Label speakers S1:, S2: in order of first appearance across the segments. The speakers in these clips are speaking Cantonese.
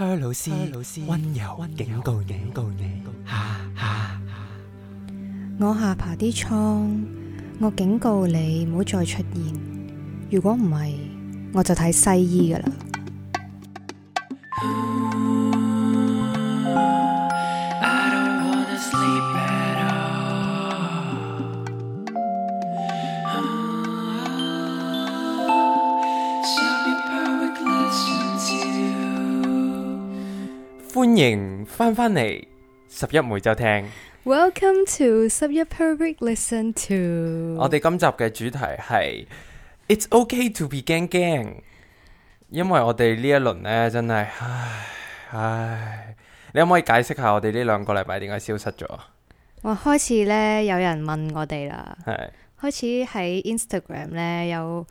S1: Hello 老師，溫柔警告警告你，下
S2: 下我下爬啲倉，我警告你唔好再出現，如果唔係，我就睇西醫㗎喇。
S1: 翻翻嚟十一每周聽
S2: ，Welcome to 十一 Perfect Listen To。我
S1: 哋今集嘅主題係 It's OK to be 驚驚。因為我哋呢一輪呢真係，唉唉，你可唔可以解釋下我哋呢兩個禮拜點解消失咗？
S2: 我開始呢有人問我哋啦，係開始喺 Instagram 呢有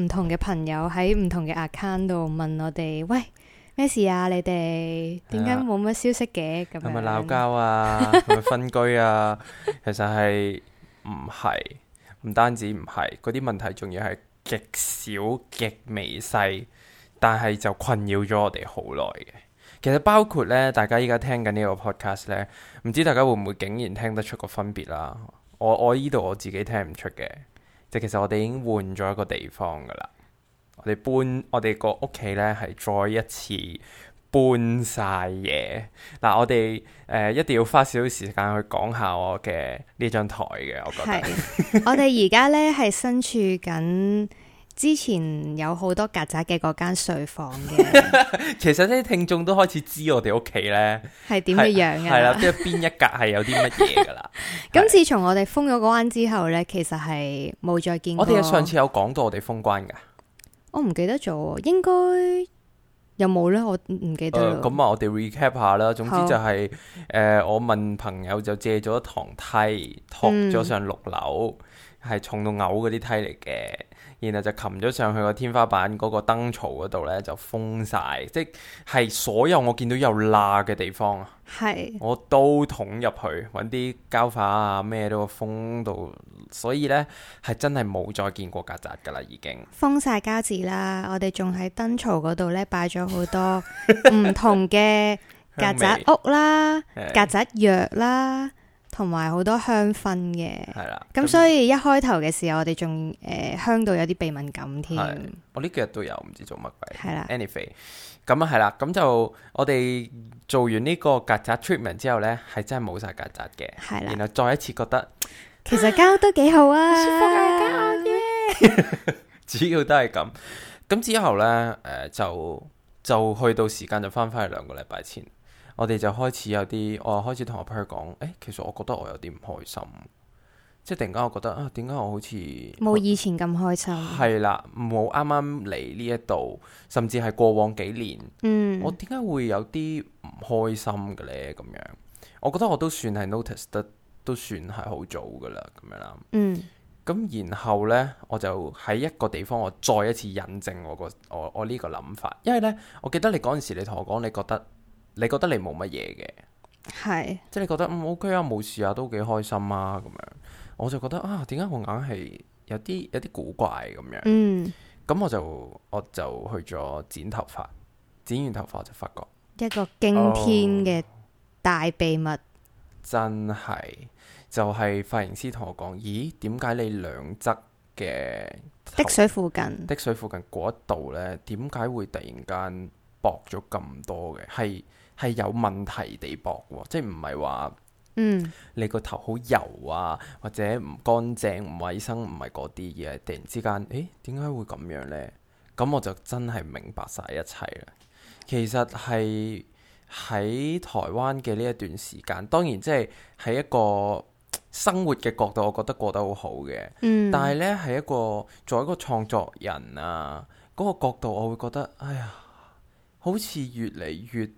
S2: 唔同嘅朋友喺唔同嘅 account 度問我哋，喂。咩事啊？你哋點解冇乜消息嘅？咁係咪鬧
S1: 交啊？係咪 分居？啊，其實係唔係？唔單止唔係，嗰啲問題仲要係極小極微細，但係就困擾咗我哋好耐嘅。其實包括呢，大家依家聽緊呢個 podcast 呢，唔知大家會唔會竟然聽得出個分別？啦，我我依度，我自己聽唔出嘅，即其實我哋已經換咗一個地方噶啦。我哋搬，我哋個屋企咧係再一次搬晒嘢。嗱，我哋誒、呃、一定要花少少時間去講下我嘅呢張台嘅。我覺得
S2: 是， 我哋而家咧係身處緊之前有好多曱甴嘅個間睡房嘅。
S1: 其實呢啲聽眾都開始知我哋屋企咧
S2: 係點嘅樣嘅，係啦，即係邊
S1: 一格係有啲乜嘢噶啦。
S2: 咁 自從我哋封咗個關之後咧，其實係冇再見過。我哋上次
S1: 有講到我哋封關嘅。
S2: 我唔記得咗，應該有冇咧？我唔記得咗。咁
S1: 啊、呃，我哋 recap 下啦。總之就係、是、誒好、呃，我問朋友就借咗一堂梯，托咗上六樓，係、嗯、重到嘔嗰啲梯嚟嘅。然後就擒咗上去個天花板嗰個燈槽嗰度呢，就封晒，即係所有我見到有罅嘅地方啊，是我都捅入去，搵啲膠粉啊咩都封到，所以呢，係真係冇再見過曱甴噶啦，已經
S2: 封晒膠紙啦，我哋仲喺燈槽嗰度呢，擺咗好多唔同嘅曱甴屋啦、曱甴藥啦。同埋好多香薰嘅，係啦的，咁、嗯、所以一開頭嘅時候我哋仲誒香到有啲鼻敏感添，
S1: 我呢幾日都有，唔知做乜鬼，係啦的，anyway，咁啊係啦，咁就我哋做完呢個曱甴 treatment 之後呢，係真係冇晒曱甴嘅，係啦的，然後再一次覺得，
S2: 其實交都幾好啊， 舒服嘅膠嘢
S1: ，yeah! 主要都係咁，咁之後呢，誒就就去到時間就翻返去兩個禮拜前。我哋就開始有啲，我開始同我朋友 r 講，其實我覺得我有啲唔開心，即係突然間我覺得啊，點解我好似
S2: 冇以前咁開心？
S1: 係啦，冇啱啱嚟呢一度，甚至係過往幾年，嗯，我點解會有啲唔開心嘅咧？咁樣，我覺得我都算係 notice 得，都算係好早噶啦，咁樣啦，嗯。咁然後呢，我就喺一個地方，我再一次引證我個我我呢個諗法，因為呢，我記得你嗰陣時，你同我講，你覺得。你覺得你冇乜嘢嘅，係是即係你覺得唔 OK 啊，冇、嗯 okay, 事啊，都幾開心啊，咁樣我就覺得啊，點解我硬係有啲有啲古怪咁樣？嗯，咁我就我就去咗剪頭髮，剪完頭髮就發覺
S2: 一個驚天嘅大秘密，
S1: 哦、真係就係髮型師同我講：咦，點解你兩側嘅滴水附近滴水附近嗰一度呢？點解會突然間薄咗咁多嘅？係。係有問題地薄，即係唔係話，嗯，你個頭好油啊，嗯、或者唔乾淨、唔衞生，唔係嗰啲嘢。突然之間，誒，點解會咁樣呢？咁我就真係明白晒一切啦。其實係喺台灣嘅呢一段時間，當然即係喺一個生活嘅角度，我覺得過得好好嘅。嗯、但係呢，係一個做一個創作人啊，嗰、嗰個角度，我會覺得哎呀，好似越嚟越～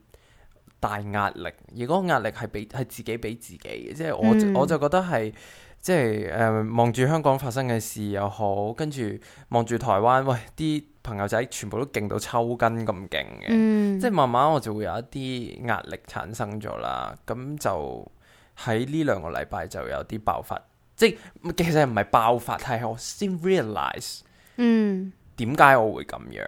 S1: 大壓力，而嗰個壓力係俾係自己俾自己，即係我就我就覺得係即係誒望住香港發生嘅事又好，跟住望住台灣，喂啲朋友仔全部都勁到抽筋咁勁嘅，
S3: 嗯、即係
S1: 慢慢我就會有一啲壓力產生咗啦。咁就喺呢兩個禮拜就有啲爆發，即係其實唔係爆發，但係我先 realize，嗯，點解我會咁樣？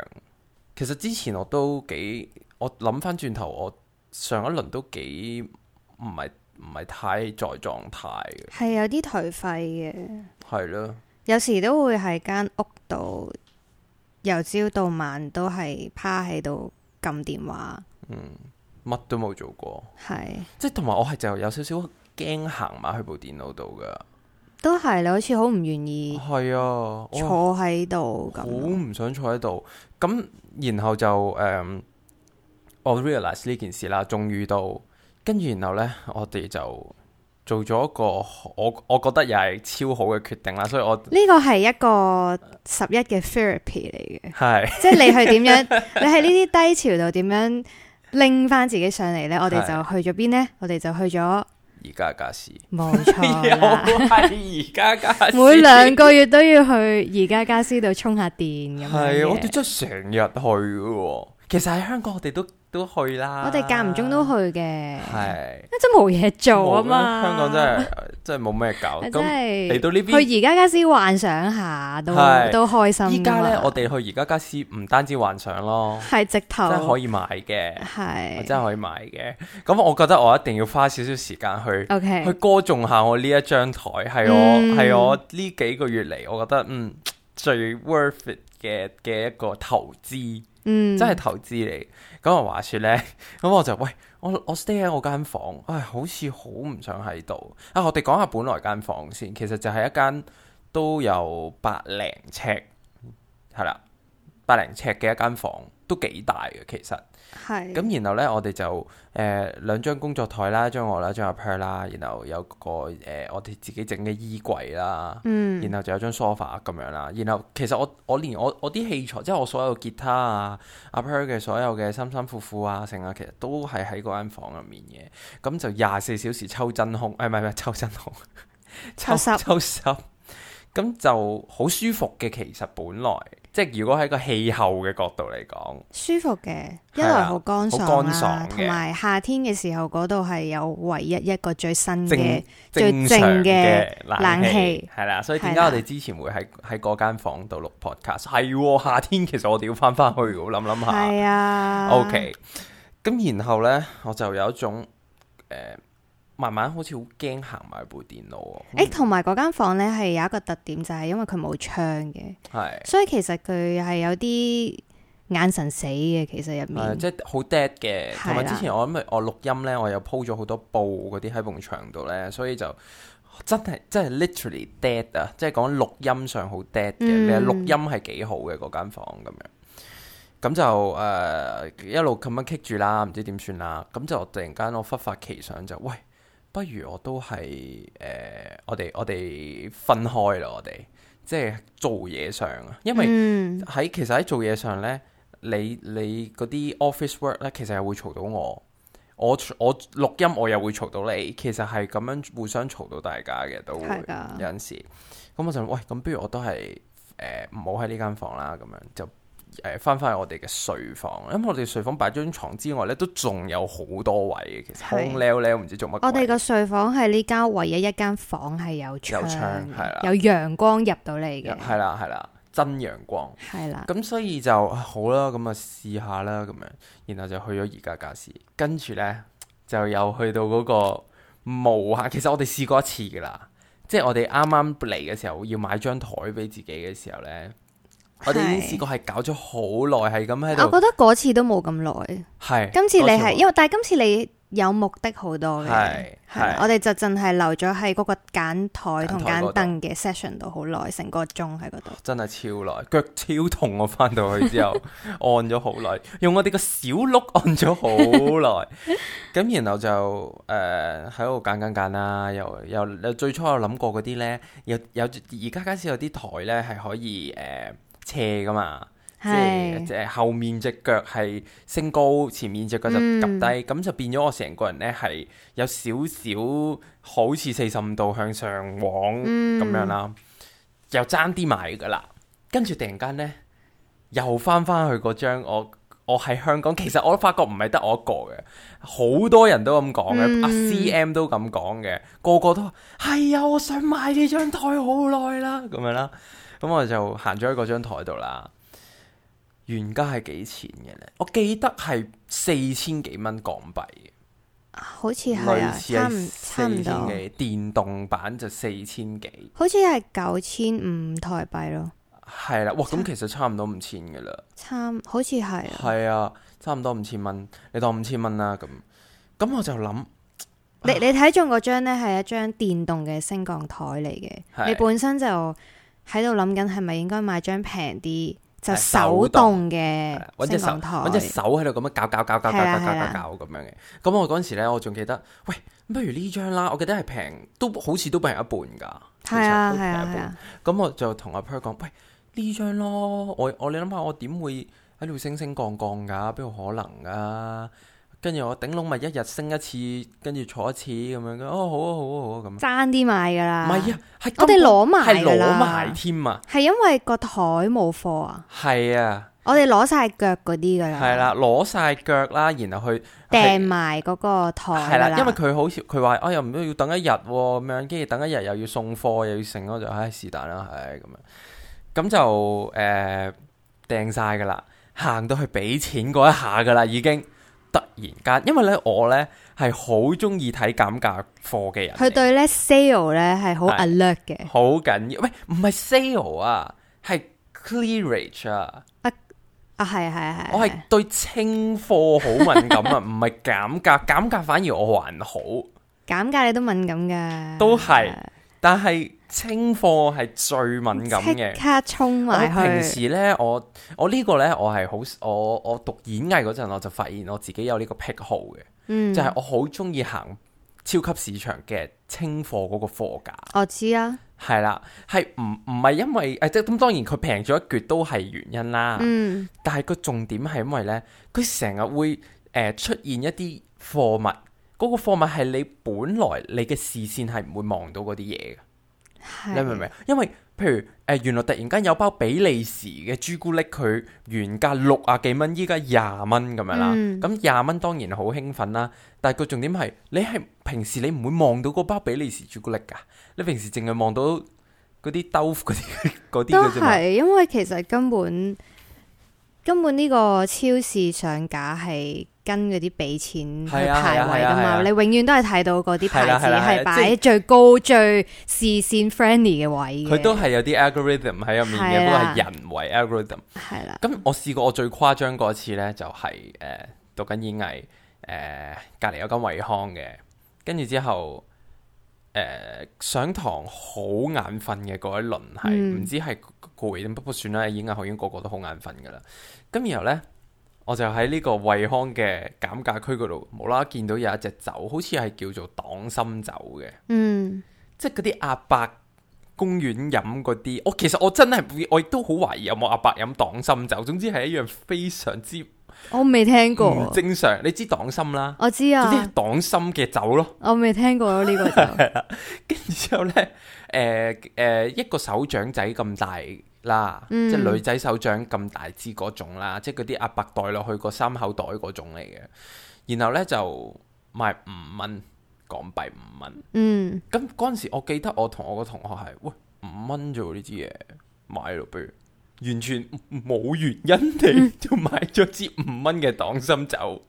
S1: 其實之前我都幾我諗翻轉頭我。上一輪都幾唔係唔係太在狀態嘅，係
S2: 有啲頹廢嘅，
S1: 係咯的。
S2: 有時都會喺間屋度，由朝到晚都係趴喺度撳電話，嗯，
S1: 乜都冇做過，係是。即係同埋我係就有少少驚行埋去部電腦度㗎，
S2: 都係你好似好唔願意，係
S1: 啊，坐喺度，好唔想坐喺度，咁 然後就誒。嗯我 realise 呢件事啦，終於到跟住，然後呢，我哋就做咗一個我我覺得又係超好嘅決定啦，所以我
S2: 呢個係一個十一嘅 therapy 嚟嘅，是即係你去點樣？ 你喺呢啲低潮度點樣拎翻自己上嚟呢？是呢？我哋就去咗邊呢？我哋就去咗
S1: 宜家家私。冇錯，係宜家家私。每兩個月
S2: 都要去宜家家私度充下電咁樣嘅。我哋
S1: 真係成日去嘅喎。其實喺香港我，我哋都都去啦。我哋間
S2: 唔中都去嘅，係是，因真冇嘢做啊嘛。香港
S1: 真係真係冇咩搞。咁嚟 的到呢邊，去宜家
S2: 家私幻想下都，都是都開心。依家咧，我
S1: 哋去宜家家私唔單止幻想咯，係直頭真可以買嘅，係是真可以買嘅。咁我覺得我一定要花少少時間去，OK，去歌頌下我呢一張台，係我係、嗯、我呢幾個月嚟，我覺得嗯最 worth it 嘅嘅一個投資。嗯，嗯，真係投資嚟。咁話説呢，咁我就喂，我我 stay 喺我間房，唉，好似好唔想喺度。啊，我哋講下本來間房先，其實就係一間都有百零尺，係啦，百零尺嘅一間房都幾大嘅其實。係咁，是然後咧，我哋就誒、呃、兩張工作台啦，一張我啦，張阿 Pear 啦，然後有個誒、呃、我哋自己整嘅衣櫃啦，嗯、然後就有張 sofa 咁樣啦。然後其實我我連我我啲器材，即係我所有吉他啊，阿 Pear 嘅所有嘅辛辛苦苦啊，剩啊，其實都係喺嗰間房入面嘅。咁就廿四小時抽真空，誒唔係唔係抽真空， 抽濕十抽濕。抽咁就好舒服嘅，其實本來即係如果喺個氣候嘅角度嚟講，
S2: 舒服嘅，因為好乾爽、啊，好、啊、爽，同埋夏天嘅時候嗰度係有唯一一個最新嘅、最正嘅冷氣，係啦、啊啊，所以點解我哋
S1: 之前會喺喺嗰間房度錄 podcast？係夏天，其實我哋要翻翻去，我諗諗下。係啊，OK。咁然後呢，我就有一種、呃.慢慢好似好驚行埋部電腦啊！誒、欸，同
S2: 埋嗰間房呢，係有一個特點，就係、是、因為佢冇窗嘅，
S1: 係是，所以
S2: 其實佢係有啲眼神死嘅。其實入面，即
S1: 係好 dead 嘅。同埋的之前我因為，我錄音呢，我又鋪咗好多布嗰啲喺埲牆度呢，所以就真係真係 literally dead 啊！即係講錄音上好 dead 嘅。你錄、嗯、音係幾好嘅嗰間房咁樣，咁就誒、呃、一路咁樣 keep 住啦，唔知點算啦。咁就突然間我忽發奇想，就喂！不如我都係誒、呃、我哋我哋分開啦，我哋即係做嘢上，啊，因為喺、嗯、其實喺做嘢上咧，你你啲 office work 咧，其實又會嘈到我，我我錄音我又會嘈到你，其實係咁樣互相嘈到大家嘅，都會，的有陣時咁我就諗，喂，咁不如我都係誒唔好喺呢間房啦，咁樣就。誒，翻翻去我哋嘅睡房，咁我哋睡房擺張床之外呢都仲有好多位嘅。其實空咧咧，唔知做乜。我哋
S2: 個睡房係呢間唯一一間房係有，有窗，係啦，有陽光入到嚟嘅，係
S1: 啦係啦，真陽光係啦。咁的所以就好啦，咁啊試下啦，咁樣，然後就去咗宜家傢俬，跟住呢，就又去到嗰個無限。其實我哋試過一次噶啦，即係我哋啱啱嚟嘅時候要買張台俾自己嘅時候呢。我哋已經試過係搞咗好耐，係咁喺度。我覺得
S2: 嗰次都冇咁耐。
S1: 係是，今次你係因為，
S2: 但係今次你有目的好多嘅。係是吧，我哋就淨係留咗喺嗰個揀台同揀凳嘅 session 度好耐，成個鐘喺嗰度。
S1: 真係超耐，腳超痛。我返到去之後 按咗好耐，用我哋個小碌按咗好耐。咁 然後就誒喺度揀揀揀啦，又又，又，又最初我諗過嗰啲咧，有有而家啱先有啲台咧係可以誒。斜噶嘛，即係即後面隻腳係升高，前面隻腳就揼低，咁、嗯、就變咗我成個人呢係有少少好似四十五度向上往咁、嗯、樣啦，又爭啲買噶啦，跟住突然間呢，又返返去嗰張我我喺香港，其實我都發覺唔係得我一個嘅，好多人都咁講嘅，阿、嗯啊、CM 都咁講嘅，個個都話係啊，我想買呢張台好耐啦，咁樣啦。咁我就行咗喺嗰張台度啦。原價係幾錢嘅咧？我記得係四千幾蚊港幣。
S2: 好似係啊，四，差唔差唔多幾幾。
S1: 電動版就四千幾。
S2: 好似係九千五台幣咯。
S1: 係啦，啊，哇！咁其實差唔多五千噶啦。
S2: 差，好似係、啊。
S1: 係啊，差唔多五千蚊，你當五千蚊啦。咁，咁我就諗，
S2: 你、呃、你睇中嗰張咧係一張電動嘅升降台嚟嘅。的你本身就。喺度諗緊係咪應該買張平
S1: 啲就手動
S2: 嘅，搵隻手，搵隻
S1: 手喺度咁樣搞搞搞搞搞搞搞搞咁樣嘅。咁我嗰陣時咧，我仲記得，喂，不如呢張啦，我記得係平，都好似都平人一半噶，係啊係啊係啊，咁我就同阿 Per 講，喂，呢張咯，我我你諗下，我點會喺度升升降降噶？邊有可能啊？跟住我頂籠咪一日升一次，跟住坐一次咁樣。哦，好啊，好啊，好啊咁。爭
S2: 啲買噶啦，唔係啊，係我哋攞埋，係攞埋添啊。係因為個台冇貨啊。
S1: 係啊，
S2: 我哋攞晒腳嗰啲噶啦。係
S1: 啦，攞晒腳啦，然後去掟
S2: 埋嗰個台。係啦，因為
S1: 佢好似佢話，我又唔要等一日咁樣，跟住等一日又要送貨又要成，我就唉是但啦，係咁樣。咁就誒掟晒噶啦，行到去俾錢嗰一下噶啦，已經。突然間，因為咧我咧係好中意睇減價貨嘅人，佢
S2: 對咧 sale
S1: 咧係好 alert 嘅，好緊要。喂，唔係 sale 啊，係 clearage 啊，啊啊係啊係啊係。我係對清貨好敏感啊，唔係減價，減價反而我還好。
S2: 減價你都敏感㗎，
S1: 都係，但係。清貨係最敏感
S2: 嘅，我平時
S1: 呢，我我呢個呢，我係好我我讀演藝嗰陣，我就發現我自己有呢個癖好嘅。嗯、就係我好中意行超級市場嘅清貨嗰個貨架。我知啊，係啦，係唔唔係因為誒、即、啊、咁，當然佢平咗一撅都係原因啦。嗯、但係個重點係因為呢，佢成日會誒、呃、出現一啲貨物，嗰、嗰個貨物係你本來你嘅視線係唔會望到嗰啲嘢嘅。是你明唔明？因為譬如誒、呃，原來突然間有包比利時嘅朱古力，佢原價六啊幾蚊，依家廿蚊咁樣啦。咁廿蚊當然好興奮啦。但係個重點係，你係平時你唔會望到嗰包比利時朱古力噶。你平時淨係望到嗰啲豆腐嗰啲嗰啲都係，
S2: 因為其實根本根本呢個超市上架係。跟嗰啲俾錢去排位噶嘛，你永遠都係睇到嗰啲牌子係擺喺最高最視線 friendly 嘅位，佢都係
S1: 有啲 algorithm 喺入面嘅，不過係人為 algorithm。係啦。咁我試過我最誇張嗰次咧，就係誒讀緊演藝，誒隔離有間惠康嘅，跟住之後誒上堂好眼瞓嘅嗰一輪係唔知係攰定，不過算啦，演藝學院個個都好眼瞓噶啦。咁然後咧。我就喺呢個惠康嘅減價區嗰度，冇啦啦見到有一隻酒，好似係叫做黨參酒嘅。
S3: 嗯，
S1: 即係嗰啲阿伯公園飲嗰啲，我、哦、其實我真係我亦都好懷疑有冇阿伯飲黨參酒。總之係一樣非常之，
S2: 我未聽過。
S1: 正常，你知黨參啦，我知啊，黨參嘅酒咯，
S2: 我未聽過呢個酒。
S1: 係跟住之後呢，誒、呃、誒、呃呃，一個手掌仔咁大。啦，嗯、即係女仔手掌咁大支嗰種啦，即係嗰啲阿伯袋落去個三口袋嗰種嚟嘅。然後呢，就賣五蚊港幣，五蚊。嗯。咁嗰陣時我記得我同我個同學係，喂，五蚊啫喎呢支嘢，買咯，比如完全冇原因地，嗯、就買咗支五蚊嘅黨心酒。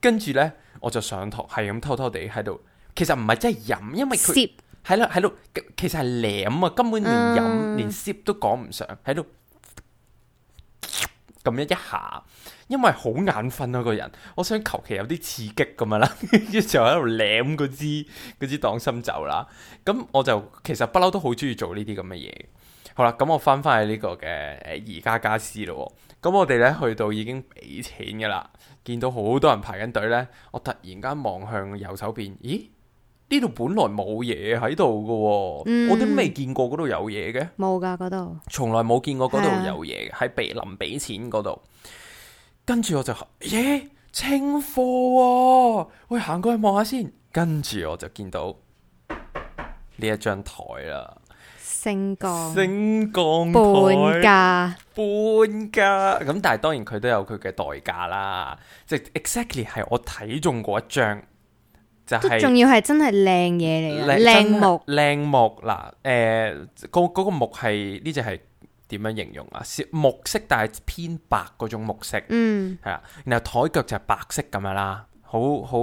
S1: 跟住呢，我就上堂係咁偷偷地喺度，其實唔係真係飲，因為佢。喺度喺度，其實係舐啊，根本連飲、嗯、連啜都講唔上，喺度咁樣一下，因為好眼瞓啊個人，我想求其有啲刺激咁樣啦， 就喺度舐嗰支嗰支黨參酒啦。咁我就其實不嬲都好中意做呢啲咁嘅嘢。好啦，咁我翻翻去呢個嘅、欸、宜家家私啦，咁我哋咧去到已經俾錢噶啦，見到好多人排緊隊咧，我突然間望向右手邊，咦？呢度本來冇嘢喺度嘅，嗯、我都未見過嗰度有嘢嘅，
S2: 冇噶嗰度，
S1: 從來冇見過嗰度有嘢，喺俾林俾錢嗰度，跟住我就，耶清貨、啊，喂，行過去望下先，跟住我就見到呢一張台啦，升降升降半價半價。咁家但係當然佢都有佢嘅代價啦，即、就、係、是、exactly 係我睇中嗰一張。就係、都仲要
S2: 係真係靚嘢嚟，嘅靈。靚木
S1: 靚木嗱，誒靈，嗰嗰、呃嗰個木係呢隻係點樣形容啊？木色但係偏白嗰種木色，嗯，係啊。然後台腳就係白色咁樣啦，好好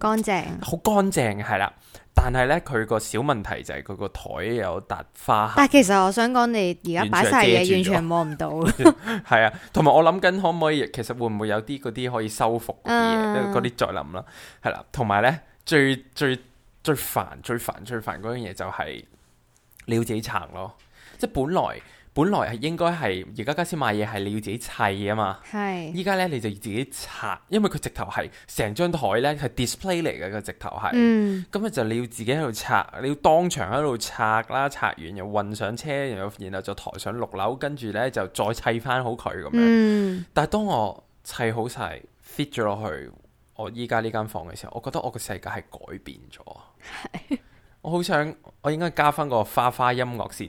S1: 乾淨，好乾淨嘅係啦。但係咧，佢個小問題就係、係、佢個台有笪花。但係
S2: 其實我想講，你而家擺晒嘢，完全望唔到。
S1: 係啊，同 埋 我諗緊可唔可以，其實會唔會有啲嗰啲可以修復啲嘢，嗰啲、uh、再諗啦。係啦，同埋咧。最最最煩最煩最煩嗰樣嘢就係你要自己拆咯，即係本來本來係應該係而家家私買嘢係你要自己砌啊嘛，係依家咧你就自己拆，因為佢直頭係成張台咧係 display 嚟嘅，個直頭係，咁咪、嗯、就你要自己喺度拆，你要當場喺度拆啦，拆完又運上車，然後然後就抬上六樓，跟住咧就再砌翻好佢咁樣，嗯、但係當我砌好晒 fit 咗落去，我依家呢間房嘅時候，我覺得我個世界係改變咗。 我好想我應該加翻個花花音樂先。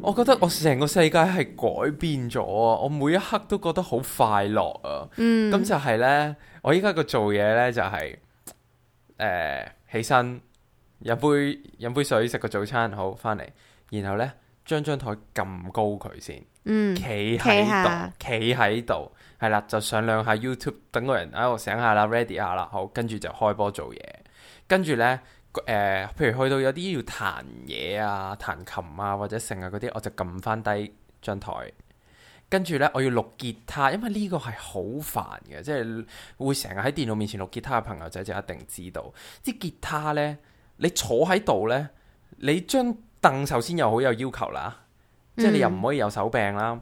S1: 我覺得我成個世界係改變咗啊！我每一刻都覺得好快樂啊！嗯，咁就係呢，我依家個做嘢呢、就是，就係，誒，起身飲杯飲杯水，食個早餐，好翻嚟，然後呢，將張台撳高佢先。嗯，企喺度，企喺度。係啦，就上兩下 YouTube，等個人喺度醒下啦，ready 下啦，好，跟住就開波做嘢。跟住呢，誒、呃，譬如去到有啲要彈嘢啊，彈琴啊，或者成啊嗰啲，我就撳翻低張台。跟住呢，我要錄吉他，因為呢個係好煩嘅，即係會成日喺電腦面前錄吉他嘅朋友仔就一定知道。啲吉他呢，你坐喺度呢，你張凳，首先又好有要求啦，嗯、即係你又唔可以有手柄啦。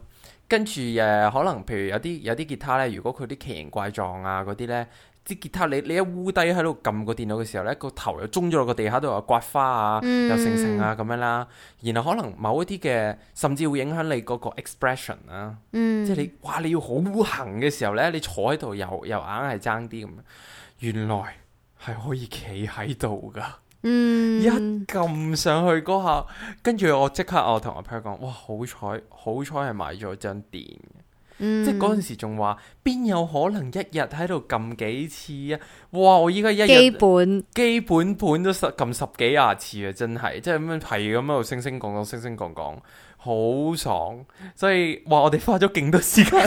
S1: 跟住誒、呃，可能譬如有啲有啲吉他咧，如果佢啲奇形怪狀啊嗰啲咧，啲吉他你你一烏低喺度撳個電腦嘅時候咧，個頭又中咗落個地下度，又刮花啊，嗯、又成成啊咁樣啦。然後可能某一啲嘅，甚至會影響你嗰個 expression 啊，嗯、即係你哇你要好烏行嘅時候咧，你坐喺度又又硬係爭啲咁。原來係可以企喺度噶。嗯，一撳上去嗰下，跟住我即刻我同阿 peri 講，哇，好彩，好彩係買咗張電，
S2: 即係嗰陣時
S1: 仲話，邊、嗯、有可能一日喺度撳幾次啊？哇，我依家一日基，本基本本都十撳十幾廿次啊，真係，即係咁樣係咁喺度升升降降，升升降降。好爽，所以哇，我哋花咗勁多時間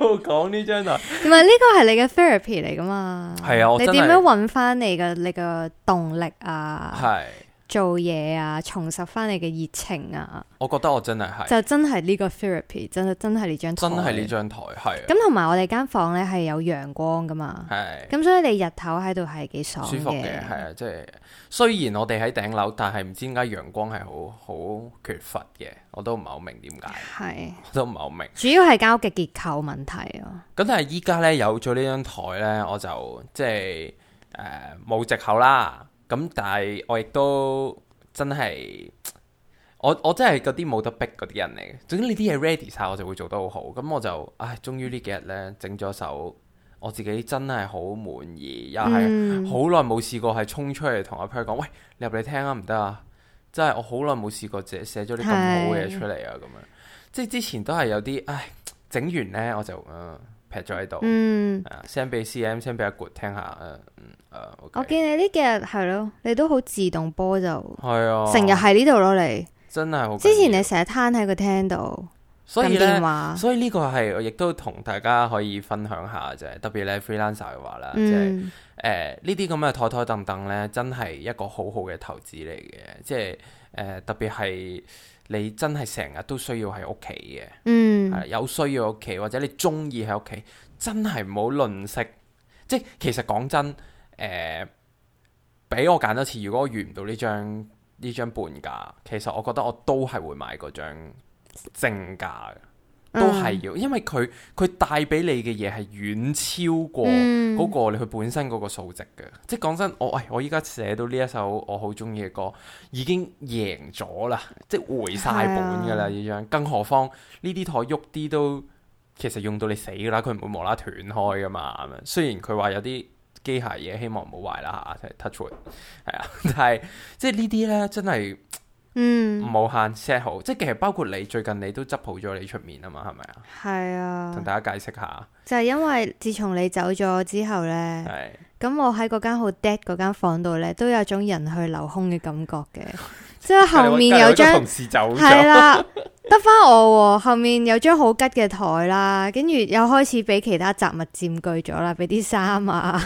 S1: 講呢張啊。
S2: 唔係呢個係你嘅 therapy 嚟㗎嘛？係啊，你點樣搵翻你嘅你個動力啊？係。做嘢啊，重拾翻你嘅熱情啊！
S1: 我覺得我真係係就真
S2: 係呢個 therapy，真真係呢張台，真係呢張
S1: 台係。咁同
S2: 埋我哋間房呢，係有陽光噶嘛，係的。咁所以你日頭喺度係幾爽舒服嘅，係
S1: 啊，即係雖然我哋喺頂樓，但係唔知點解陽光係好好缺乏嘅，我都唔係好明點解，係的，我都唔係好明。主
S2: 要係間屋嘅結構問題咯。
S1: 咁 但係依家呢，有咗呢張台呢，我就即係呃，冇藉口啦。咁、嗯、但係我亦都真係，我我真係嗰啲冇得逼嗰啲人嚟嘅。總之呢啲嘢 ready 晒，我就會做得好好。咁我就唉，終於呢幾日呢，整咗首我自己真係好滿意，又係好耐冇試過係衝出嚟同阿 pair 講，嗯、喂，你入嚟聽啊唔得啊！真係我試好耐冇試過寫咗啲咁好嘅嘢出嚟啊！咁是樣，即係之前都係有啲唉，整完呢，我就啊～、呃劈咗喺度，嗯，send 俾 CM，send 俾阿 Good 聽下，嗯，誒、啊，okay、
S2: 我見你呢幾日係咯，你都好自動播就，係啊，成日喺呢度攞你
S1: 真係好。之前
S2: 你成日攤喺個廳度，撳電話，
S1: 所以呢個係我亦都同大家可以分享下就啫，特別咧 freelancer 嘅話啦、嗯就是呃，即係誒呢啲咁嘅枱枱凳凳咧，真係一個好好嘅投資嚟嘅，即係誒特別係。你真係成日都需要喺屋企嘅，係、嗯、有需要喺屋企，或者你中意喺屋企，真係唔好吝嗇。即其實講真，誒、呃，俾我揀多次，如果我遇唔到呢張呢張半價，其實我覺得我都係會買嗰張正價嘅。都係要，因為佢佢帶俾你嘅嘢係遠超過嗰、嗰個你佢、嗯、本身嗰個數值嘅。即係講真，我喂、哎，我依家寫到呢一首我好中意嘅歌，已經贏咗啦，即係回晒本㗎啦依樣。啊、更何況呢啲枱喐啲都其實用到你死㗎啦，佢唔會無啦啦斷開㗎嘛。咁樣雖然佢話有啲機械嘢，希望唔好壞啦嚇。就是、Touch wood 係啊，但係即係呢啲咧真係。嗯，冇限 set 好，即係其實包括你最近你都執好咗你出面啊嘛，係咪是啊？
S2: 係啊，同大家解釋下，就係因為自從你走咗之後呢，咁是的、嗯、我喺嗰間好 dead 嗰間房度呢，都有種人去樓空嘅感覺嘅， 即係後面有張同事走咗係啦，得返我後面有張好吉嘅台啦，跟住又開始俾其他雜物佔據咗啦，俾啲衫啊，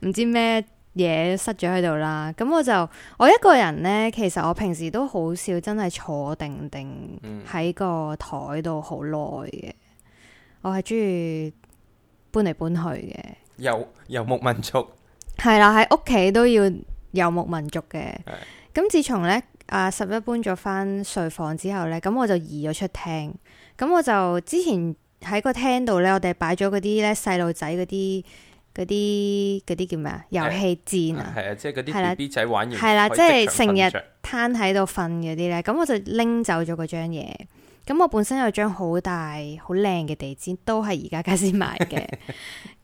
S2: 唔的 知咩。嘢塞咗喺度啦，咁我就我一個人呢，其實我平時都好少真係坐定定喺個枱度好耐嘅，我係中意搬嚟搬去嘅。
S1: 遊遊牧民族
S2: 係啦，喺屋企都要遊牧民族嘅。咁自從呢，阿十一搬咗返睡房之後呢，咁我就移咗出廳。咁我就之前喺個廳度呢，我哋擺咗嗰啲呢細路仔嗰啲。嗰啲嗰啲叫咩啊？遊戲墊啊，
S1: 係啊、嗯嗯嗯，即係嗰啲 B 仔玩完係啦，啊、即係成日
S2: 攤喺度瞓嗰啲咧。咁我就拎走咗嗰張嘢。咁我本身有張好大好靚嘅地氈，都係而家家先買嘅。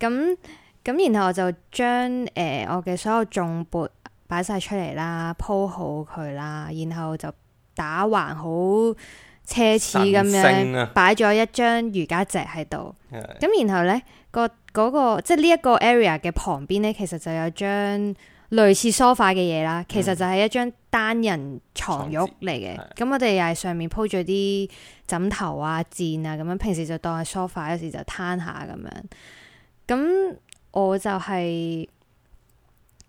S2: 咁咁， 然後我就將誒、呃、我嘅所有種撥擺晒出嚟啦，鋪好佢啦，然後就打橫好。奢侈咁樣擺咗一張瑜伽席喺度，咁是的 然後呢，嗰個嗰個即係呢一個 area 嘅旁邊呢，其實就有張類似 sofa 嘅嘢啦，嗯、其實就係一張單人床褥嚟嘅。咁是的 我哋又係上面鋪咗啲枕頭啊、墊啊咁樣，平時就當係 sofa 有時就攤下咁樣。咁我就係、是、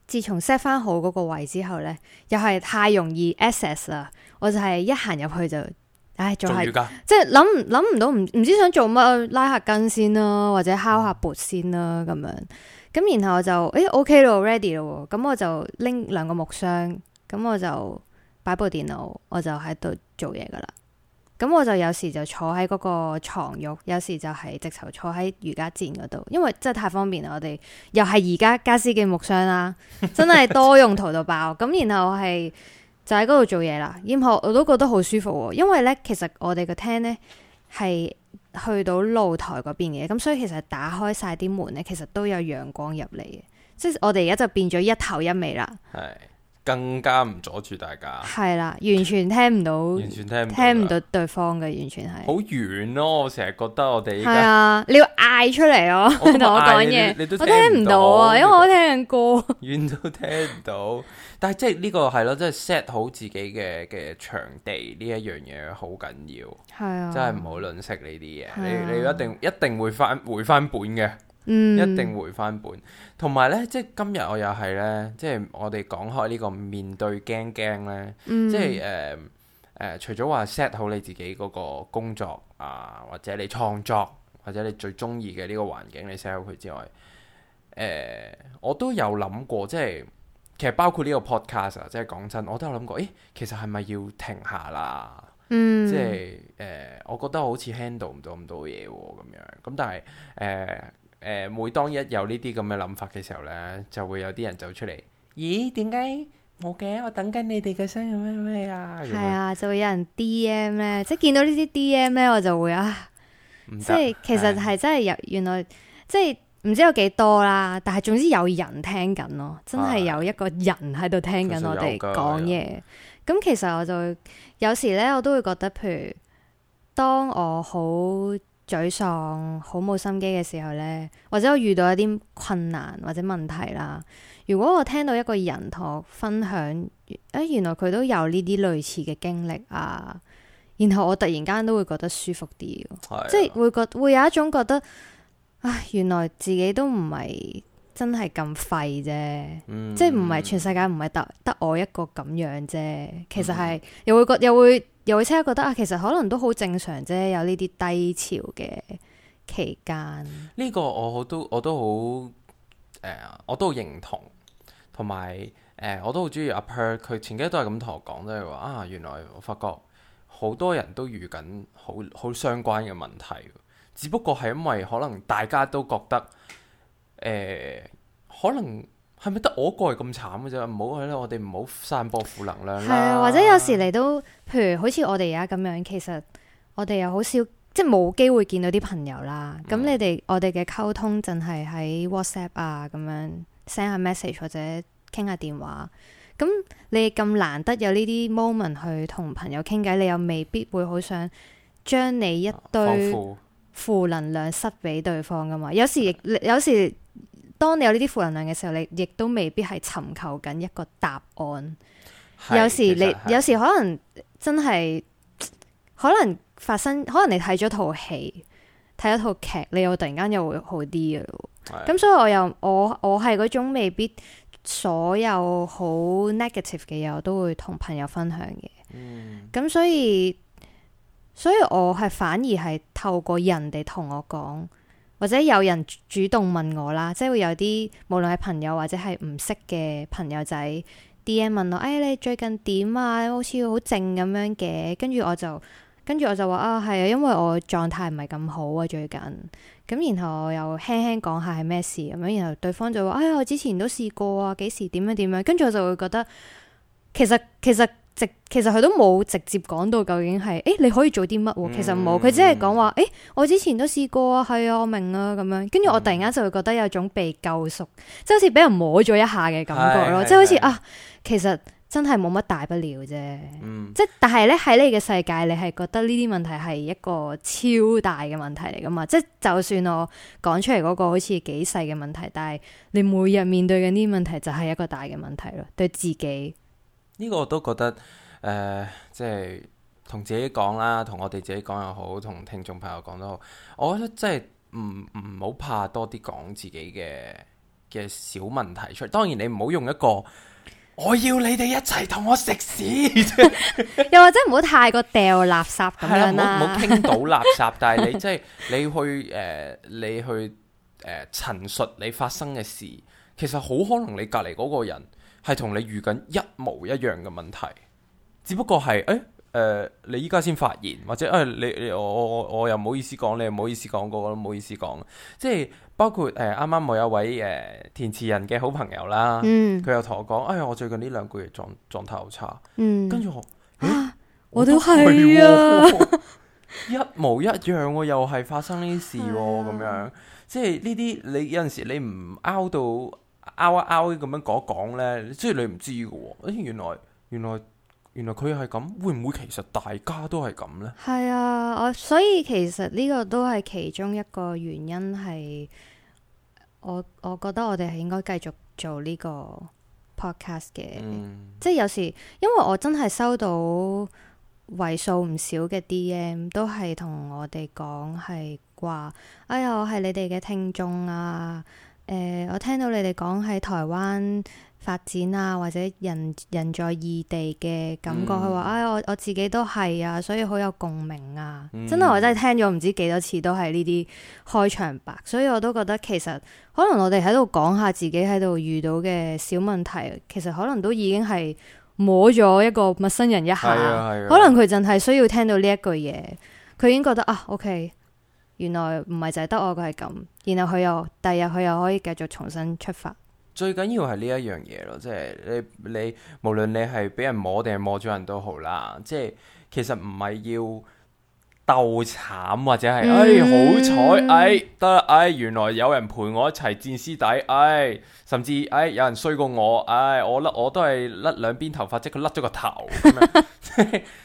S2: 自從 set 翻好嗰個位之後呢，又係太容易 access 啦，我就係一行入去就。唉，仲係即係諗諗唔到唔，唔唔知想做乜，拉下筋先啦、啊，或者敲下膊先啦、啊、咁樣。咁然後我就咦，O K 咯，ready 咯。咁我就拎兩、OK、個木箱，咁我就擺部電腦，我就喺度做嘢噶啦。咁我就有時就坐喺嗰個床褥，有時就係直頭坐喺瑜伽墊嗰度，因為真係太方便啦。我哋又係而家家私嘅木箱啦，真係多用途到爆。咁 然後係。就喺嗰度做嘢啦，驗學我都覺得好舒服喎、哦，因為咧其實我哋個廳咧係去到露台嗰邊嘅，咁所以其實打開晒啲門咧，其實都有陽光入嚟嘅，即係我哋而家就變咗一頭一尾啦。
S1: 更加唔阻住大家，
S2: 係啦，完全聽唔到，完聽到，聽到，完全聽唔到，聽唔到對方嘅，完全係
S1: 好遠咯。我成日覺得我哋係啊，
S2: 你要嗌出嚟哦、啊， 同我講嘢，我聽唔到啊，到啊因為我聽緊歌，
S1: 遠到聽唔到。 但係即係呢、這個係咯，即係 set 好自己嘅嘅場地呢一樣嘢好緊要，係啊的，真係唔好吝嗇呢啲嘢，的你你一定一定會翻回翻本嘅。嗯、一定回翻本，同埋呢，即係今日我又係呢，即係我哋講開呢個面對驚驚呢，嗯、即係誒誒，除咗話 set 好你自己嗰個工作啊，或者你創作或者你最中意嘅呢個環境你 set 好佢之外，誒、呃，我都有諗過，即係其實包括呢個 podcast 啊，即係講真，我都有諗過，誒，其實係咪要停下啦？嗯、即係誒、呃，我覺得我好似 handle 唔到咁多嘢咁、啊、樣，咁但係誒。呃誒，每當一有呢啲咁嘅諗法嘅時候咧，就會有啲人走出嚟。咦？點解冇嘅？我等
S2: 緊你哋嘅聲音咩咩啊？係 啊，就會有人 DM 咧，即係見到呢啲 DM 咧，我就會啊，行即係其實係真係有，的原來即係唔知有幾多啦。但係總之有人聽緊咯，真係有一個人喺度聽緊我哋講嘢。咁其實我就有時咧，我都會覺得，譬如當我好沮喪好冇心機嘅時候呢，或者我遇到一啲困難或者問題啦，如果我聽到一個人同我分享，誒、欸，原來佢都有呢啲類似嘅經歷啊，然後我突然間都會覺得舒服啲，啊，是啊，即係會覺會有一種覺得，唉，原來自己都唔係真係咁廢啫，嗯，即係唔係全世界唔係得得我一個咁樣啫，其實係，嗯嗯、又會覺又會。又真係覺得啊，其實可能都好正常啫，有呢啲低潮嘅期間。
S1: 呢個我好都我都好誒，我都好、呃、認同，同埋誒我都好中意阿 Per，佢前幾日都係咁同我講，即係話啊，原來我發覺好多人都遇緊好好相關嘅問題，只不過係因為可能大家都覺得誒、呃、可能。係咪得我個係咁慘嘅啫？唔好去啦，我哋唔好散播負能量啦。係啊，或
S2: 者有時你都，譬如好似我哋而家咁樣，其實我哋又好少即係冇機會見到啲朋友啦。咁、嗯、你哋我哋嘅溝通淨係喺 WhatsApp 啊，咁樣 send 下 message 或者傾下電話。咁你咁難得有呢啲 moment 去同朋友傾偈，你又未必會好想將你一堆負能量塞俾對方噶嘛、啊有？有時有時。嗯當你有呢啲負能量嘅時候，你亦都未必係尋求緊一個答案。
S1: 是
S2: 有時你，有時可能真係可能發生，可能你睇咗套戲，睇咗套劇，你又突然間又會好啲嘅。咁所以我又我我係嗰種未必所有好 negative 嘅嘢，我都會同朋友分享嘅。咁、嗯、所以，所以我係反而係透過人哋同我講。或者有人主動問我啦，即係會有啲無論係朋友或者係唔識嘅朋友仔 DM 問我，哎，你最近點啊？好似好靜咁樣嘅，跟住我就跟住我就話啊，係啊，因為我狀態唔係咁好啊，最近咁，然後我又輕輕講下係咩事咁樣，然後對方就話，哎呀，我之前都試過啊，幾時點樣點樣，跟住我就會覺得其實其實。其實直其實佢都冇直接講到究竟係，誒、欸、你可以做啲乜？嗯、其實冇，佢只係講話，誒、嗯欸、我之前都試過啊，係啊，我明啊咁樣。跟住我突然間就會覺得有種被救贖，嗯、即係好似俾人摸咗一下嘅感覺咯，哎、即係好似、哎、啊，其實真係冇乜大不了啫。即、嗯、但係咧喺你嘅世界，你係覺得呢啲問題係一個超大嘅問題嚟噶嘛？即係就算我講出嚟嗰個好似幾細嘅問題，但係你每日面對嘅呢啲問題就係一個大嘅問題咯，對自己。
S1: 呢個我都覺得，誒、呃，即係同自己講啦，同我哋自己講又好，同聽眾朋友講都好。我覺得即係唔唔好怕多啲講自己嘅嘅小問題出嚟。當然你唔好用一個我要你哋一齊同我食屎，
S2: 又或者唔好太過掉垃圾咁樣啦。唔好傾倒垃圾， 但係你即係
S1: 你去誒、呃，你去誒陳述你發生嘅事，其實好可能你隔籬嗰個人，係同你遇緊一模一樣嘅問題，只不過係誒，誒、欸呃，你依家先發現，或者誒、欸，你你我我我又唔好意思講，你又唔好意思講過啦，唔、那、好、個、意思講，即係包括誒，啱啱我有位誒、呃、填詞人嘅好朋友啦，佢、嗯、又同我講，哎、欸、呀，我最近呢兩個月狀狀態好差，嗯，跟住我，啊、
S3: 我都係、啊， 一
S1: 模一樣、啊，又係發生呢啲事咁、啊啊、樣，即係呢啲你有陣時你唔拗到。拗一拗咁樣講講呢，即係你唔知嘅喎。原來原來原來佢係咁，會唔會其實大家都係咁呢？
S2: 係啊，我所以其實呢個都係其中一個原因，係我我覺得我哋係應該繼續做呢個 podcast 嘅。嗯、即係有時，因為我真係收到為數唔少嘅 DM，都係同我哋講係啩，哎呀，我係你哋嘅聽眾啊。誒、呃，我聽到你哋講喺台灣發展啊，或者人人在異地嘅感覺，佢話、嗯：，哎，我我自己都係啊，所以好有共鳴啊！嗯、真係我真係聽咗唔知幾多次都係呢啲開場白，所以我都覺得其實可能我哋喺度講下自己喺度遇到嘅小問題，其實可能都已經係摸咗一個陌生人一下，可能佢淨係需要聽到呢一句嘢，佢已經覺得啊，OK。原來唔係就係得我，佢係咁，然後佢又第日佢又可以繼續重新出發。
S1: 最緊要係呢一樣嘢咯，即係你你無論你係俾人摸定係摸咗人都好啦，即係其實唔係要鬥慘或者係、嗯、哎好彩哎得啦哎原來有人陪我一齊戰屍底唉、哎，甚至哎有人衰過我唉、哎，我甩我都係甩兩邊頭髮即係佢甩咗個頭。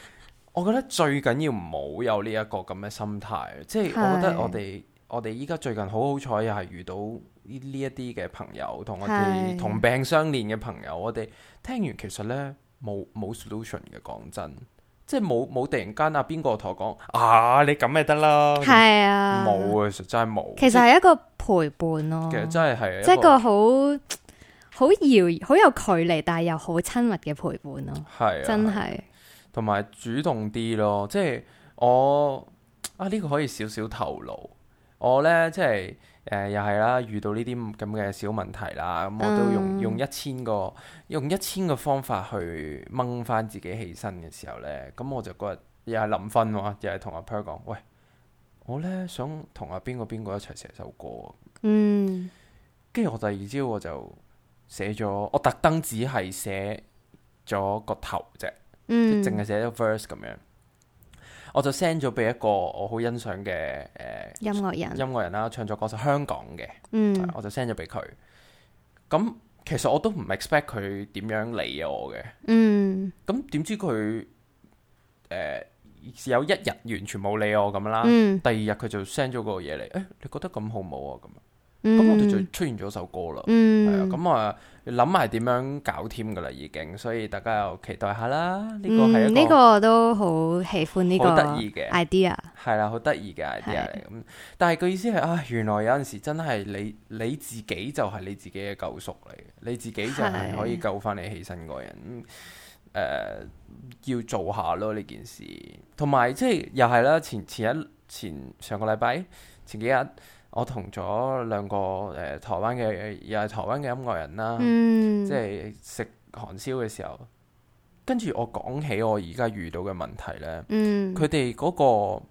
S1: 我覺得最緊要唔好有呢一個咁嘅心態，即係我覺得我哋是的 我哋依家最近好好彩又係遇到呢呢一啲嘅朋友，同我哋同是的 病相憐嘅朋友，我哋聽完其實呢，冇冇 solution 嘅，講真，即係冇冇突然間啊邊個同我講啊你咁咪得啦，係啊冇啊，實在冇。其實
S2: 係一個陪伴咯，即其實
S1: 真係係一個
S2: 好好遙好有距離，但係又好親密嘅陪伴咯，係的真係
S1: 的。同埋主動啲咯，即係我啊呢、呢個可以少少頭腦。我呢，即係誒、呃，又係啦，遇到呢啲咁嘅小問題啦，咁、嗯嗯、我都用用一千個用一千個方法去掹翻自己起身嘅時候呢，咁、嗯嗯、我就嗰日又係臨瞓又係同阿 Per 講，喂，我呢，想同阿邊個邊個一齊寫一首歌。嗯，跟住我第二朝我就寫咗，我特登只係寫咗個頭啫。嗯，淨係寫咗 verse 咁樣，我就 send 咗俾一個我好欣賞嘅誒音樂人，音樂人啦，唱作歌手，香港嘅，嗯，我就 send 咗俾佢。咁其實我都唔 expect 佢點樣理我嘅，嗯，咁點知佢誒、呃、有一日完全冇理我咁啦，嗯、第二日佢就 send 咗個嘢嚟，誒、欸，你覺得咁好唔好啊？咁咁、嗯、我哋就出現咗首歌啦，係啊、嗯，咁啊諗埋點樣搞添噶啦，已經，所以大家又期待下啦。呢、這個
S2: 係呢個都、嗯這個、好喜歡呢個好得意嘅 idea，
S1: 係啦，好得意嘅 idea 嚟。咁的但係個意思係啊，原來有陣時真係你你自己就係你自己嘅救贖嚟，你自己就係可以救翻你起身個人。誒的、呃、要做下咯呢件事，同埋即係又係啦，前前一前，前上個禮拜，前幾日。我同咗兩個誒、呃、台灣嘅，又係台灣嘅音樂人啦，嗯、即係食韓燒嘅時候，跟住我講起我而家遇到嘅問題呢，佢哋嗰個，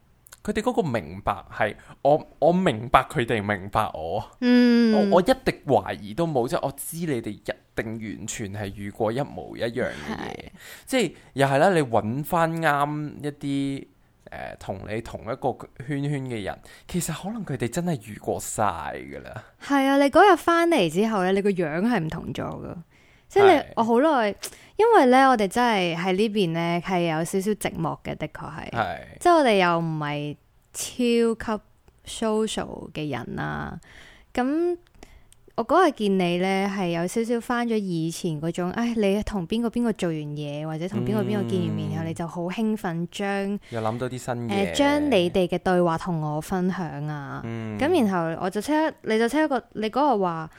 S1: 佢哋嗰個明白係我，我明白佢哋明白我，嗯、我我一滴懷疑都冇，即係我知你哋一定完全係遇過一模一樣嘅嘢，是即係又係啦，你揾翻啱一啲，誒，同你同一個圈圈嘅人，其實可能佢哋真係遇過晒噶啦。
S2: 係啊，你嗰日翻嚟之後咧，你個樣係唔同咗噶，即係你我好耐，因為咧我哋真係喺呢邊咧係有少少寂寞嘅，的確係，是即係我哋又唔係超級 social 嘅人啊，咁。我嗰日見你咧，係有少少翻咗以前嗰種。哎，你同邊個邊個做完嘢，或者同邊個邊個見完面、嗯、後，你就好興奮將，將
S1: 又諗到啲新嘢、呃，將
S2: 你哋嘅對話同我分享啊。咁、嗯、然後我就即刻，你就即刻覺你嗰日話，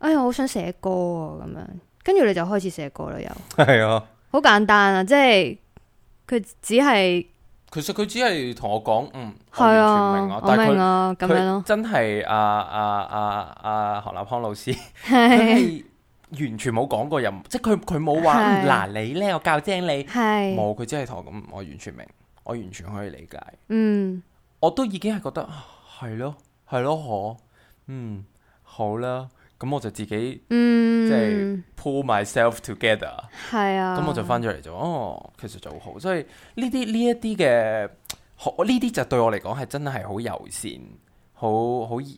S2: 哎，我好想寫歌啊咁樣。跟住你就開始寫歌啦，又係是啊，好簡單啊，即係佢只係。
S1: 其實佢只係同我講，嗯，我完全明啊，但係佢佢真係啊啊啊啊何立康老師，跟的 完全冇講過又，的即係佢佢冇話，嗱的、嗯、你咧，我教精你，冇的，佢只係同我咁、嗯，我完全明，我完全可以理解，嗯，我都已經係覺得係咯，係咯，我、嗯，嗯，好啦。咁我就自己即係、嗯就是、pull myself together，係啊，咁我就翻咗嚟就哦，其實就好，所以呢啲呢一啲嘅，我呢啲就對我嚟講係真係好友善。好好誒，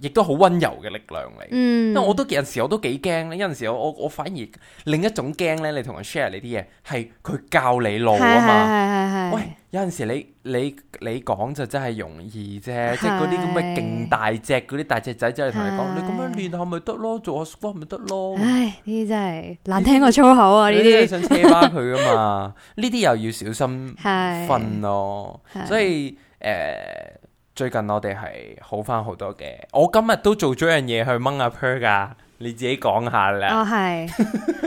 S1: 亦都好溫柔嘅力量嚟。因為我都有陣時我都幾驚咧，有陣時我我我反而另一種驚咧。你同人 share 你啲嘢，係佢教你路啊嘛。喂，有陣時你你你講就真係容易啫，即係嗰啲咁嘅勁大隻嗰啲大隻仔真係同你講，你咁樣練下咪得咯，做下 sport 咪得咯。唉，呢啲真係難聽過粗口啊！呢啲想車翻佢啊嘛，呢啲又要小心瞓咯。所以誒。最近我哋係好翻好多嘅，我今日都做咗樣嘢去掹阿 Per 噶你自己講下啦。哦，
S2: 係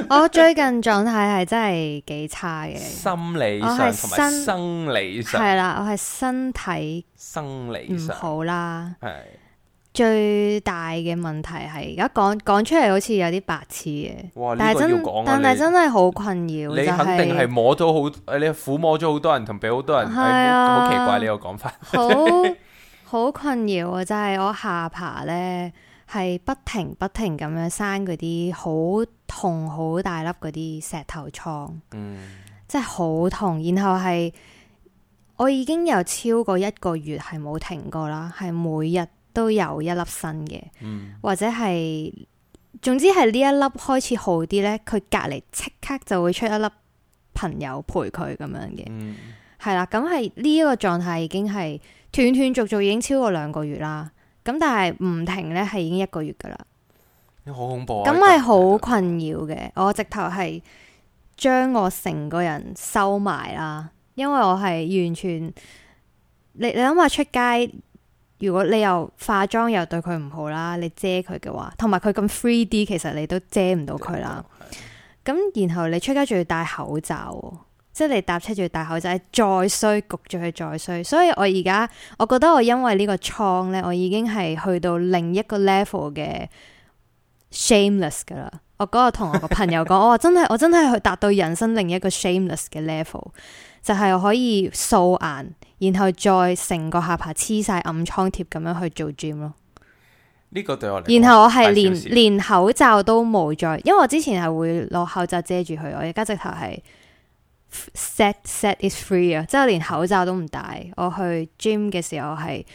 S2: 我最近狀態係真係幾差嘅，心理上同埋生理上係啦，我係身體
S1: 生理上。好啦。係
S2: 最大嘅問題係而家講講出嚟好似有啲白痴嘅，但係真但係真係好困擾。你肯定係
S1: 摸到好誒，你撫摸咗好多人同俾好多人，係好奇怪呢個講法。好。
S2: 好困擾啊！就係、是、我下巴咧，係不停不停咁樣生嗰啲好痛，好大粒嗰啲石頭瘡，嗯，真係好痛。然後係我已經有超過一個月係冇停過啦，係每日都有一粒新嘅，嗯、或者係總之係呢一粒開始好啲咧，佢隔籬即刻就會出一粒朋友陪佢咁樣嘅，嗯。係啦，咁係呢一個狀態已經係斷斷續續已經超過兩個月啦。咁但係唔停咧，係已經一個月噶啦。
S1: 好恐怖啊！咁係好
S2: 困擾嘅，的我直頭係將我成個人收埋啦，因為我係完全你你諗下出街，如果你又化妝又對佢唔好啦，你遮佢嘅話，同埋佢咁 three D，其實你都遮唔到佢啦。咁然後你出街仲要戴口罩。即係你搭車住大口罩，再衰焗住佢，再衰。所以我而家，我覺得我因為呢個瘡呢，我已經係去到另一個 level 嘅 shameless 噶啦。我嗰日同我個朋友講，我話、 哦、真係，我真係去達到人生另一個 shameless 嘅 level，就係可以素顏，然後再成個下巴黐晒暗瘡貼咁樣去做 gym 咯。
S1: 呢個對我然後我係連 連
S2: 口罩都冇再，因為我之前係會攞口罩遮住佢，我而家直頭係。set set is free 啊！即係連口罩都唔戴，我去 gym 嘅時候係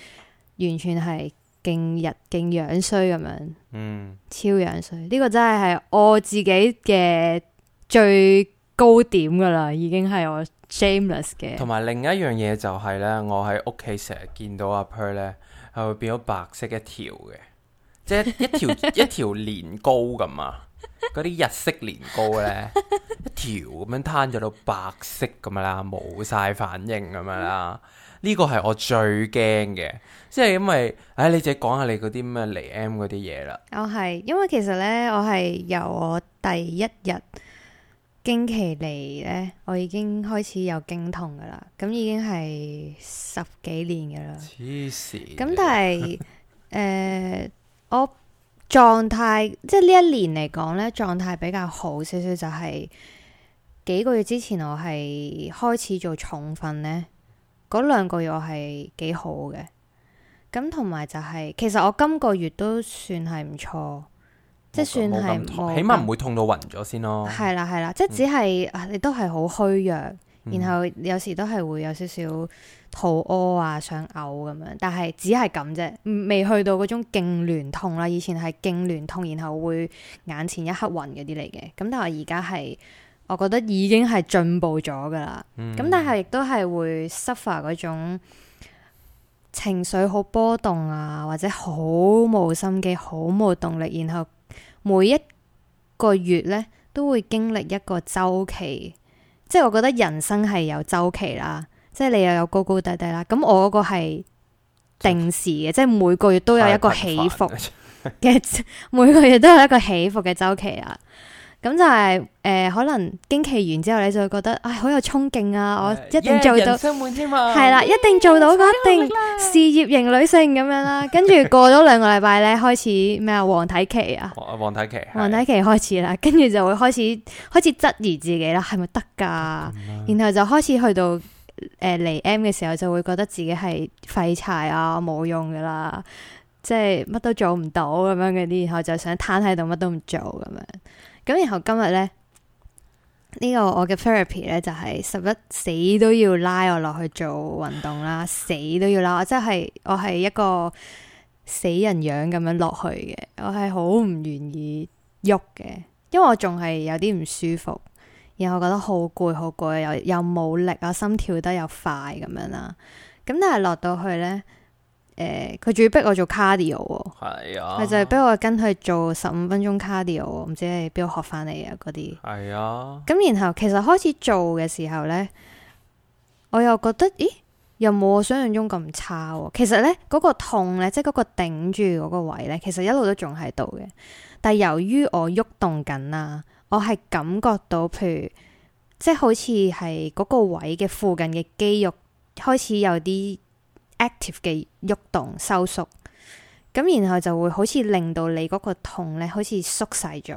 S2: 完全係勁日勁樣衰咁樣，嗯，超樣衰。呢、這個真係係我自己嘅最高點噶啦，已經係我 shameless 嘅。同
S1: 埋另一樣嘢就係、是、咧，我喺屋企成日見到阿 Per 咧，係會變咗白色一條嘅，即係一條 一條年糕咁啊！嗰啲 日式年糕咧， 一條咁樣攤咗到白色咁樣啦，冇晒反應咁樣啦，呢個係我最驚嘅，即係因為，哎，你淨係講下你嗰啲咩嚟 M 嗰啲嘢啦。
S2: 我係因為其實咧，我係由我第一日經期嚟咧，我已經開始有經痛噶啦，咁已經係十幾年噶啦。
S3: 黐線。咁 但
S2: 係，誒、呃，我。狀態即係呢一年嚟講咧，狀態比較好少少，就係幾個月之前我係開始做重訓咧，嗰兩個月我係幾好嘅。咁同埋就係、是，其實我今個月都算係唔錯，有即係算係唔錯，起碼唔會
S1: 痛到暈咗先咯。係啦係啦，即係只
S2: 係、嗯啊、你都係好虛弱。然後有時都係會有少少肚屙啊、想嘔咁樣，但係只係咁啫，未去到嗰種痙攣痛啦。以前係痙攣痛，然後會眼前一黑，暈嗰啲嚟嘅。咁但係而家係，我覺得已經係進步咗噶啦。咁、嗯、但係亦都係會 suffer 嗰種情緒好波動啊，或者好冇心機、好冇動力，然後每一個月呢，都會經歷一個周期。即係我覺得人生係有周期啦，即係你又有高高低低啦。咁我個係定時嘅，就是、即係每個月都有一個起伏嘅，煩 每個月都有一個起伏嘅周期啊。咁就係、是、誒、呃，可能經期完之後，你就會覺得唉，好有衝勁啊！嗯、我一定做到，係、啊、啦，一定做到嘅，一定事業型女性咁樣啦。跟住 過咗兩個禮拜咧，開始咩啊，黃體期啊，
S1: 黃體期，
S2: 黃體期開始啦。跟住的就會開始開始質疑自己啦，係咪得噶？啊、然後就開始去到誒嚟、呃、M 嘅時候，就會覺得自己係廢柴啊，冇用噶啦，即係乜都做唔到咁樣嗰啲，然後就想攤喺度，乜都唔做咁樣。咁然後今日咧，呢，呢個我嘅 therapy 咧就係十一死都要拉我落去做運動啦，死都要拉，我，即係我係一個死人樣咁樣落去嘅，我係好唔願意喐嘅，因為我仲係有啲唔舒服，然後我覺得好攰好攰，又又冇力啊，心跳得又快咁樣啦。咁但係落到去咧。誒，佢仲、呃、要逼我做 cardio，
S3: 係是啊，佢就係
S2: 逼我跟佢做十五分鐘 cardio，唔知係邊個學翻嚟是啊嗰啲，
S1: 係啊。
S2: 咁然後其實開始做嘅時候咧，我又覺得，咦，又冇我想象中咁差。其實咧，嗰、嗰個痛咧，即係嗰個頂住嗰個位咧，其實一路都仲喺度嘅。但係由於我喐動緊啦，我係感覺到，譬如即係好似係嗰個位嘅附近嘅肌肉開始有啲。active 嘅喐動動收縮，咁然後就會好似令到你嗰個痛咧，好似縮細咗。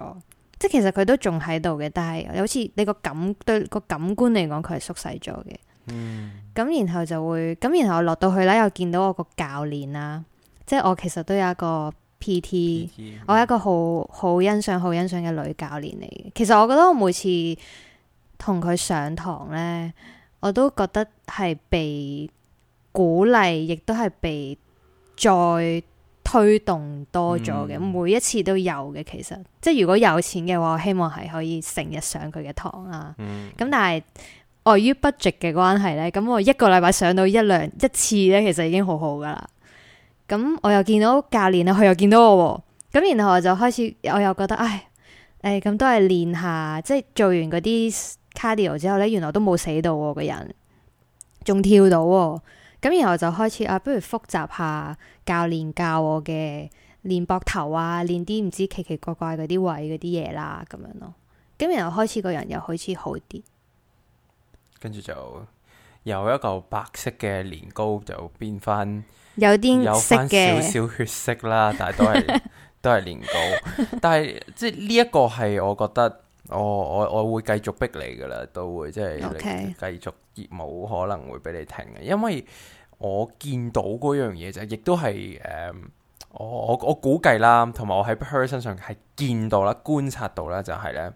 S2: 即係其實佢都仲喺度嘅，但係好似你個感對個感官嚟講，佢係縮細咗嘅。嗯，咁然後就會，咁然後我落到去啦，又見到我個教練啦，即係我其實都有一個 PT，、嗯、我一個好好欣賞、好欣賞嘅女教練嚟嘅。其實我覺得我每次同佢上堂咧，我都覺得係被。鼓勵亦都係被再推動多咗嘅，嗯、每一次都有嘅。其實，即係如果有錢嘅話，我希望係可以成日上佢嘅堂啦。咁、嗯、但係礙於 budget 嘅關係呢，咁我一個禮拜上到一兩一次呢，其實已經好好噶啦。咁我又見到教練啦，佢又見到我，咁然後我就開始，我又覺得，唉，誒、哎，咁、呃、都係練下，即係做完嗰啲 cardio 之後呢，原來都冇死到個人，仲跳到。咁然後就開始啊，不如複習下教練教我嘅練膊頭啊，練啲唔知奇奇怪怪嗰啲位嗰啲嘢啦，咁樣咯。咁然後開始個人又開始好啲，
S1: 跟住就由一嚿白色嘅年糕，就變翻有啲有翻少少血色啦， 但係都係都係年糕。 但係即係呢一個係我覺得，哦、我我我會繼續逼你噶啦，都會即係繼續冇 Okay. 可能會俾你停嘅，因為。我見到嗰樣嘢就亦都係誒、嗯，我我我估計啦，同埋我喺 Peri 身上係見到啦、觀察到啦，就係咧，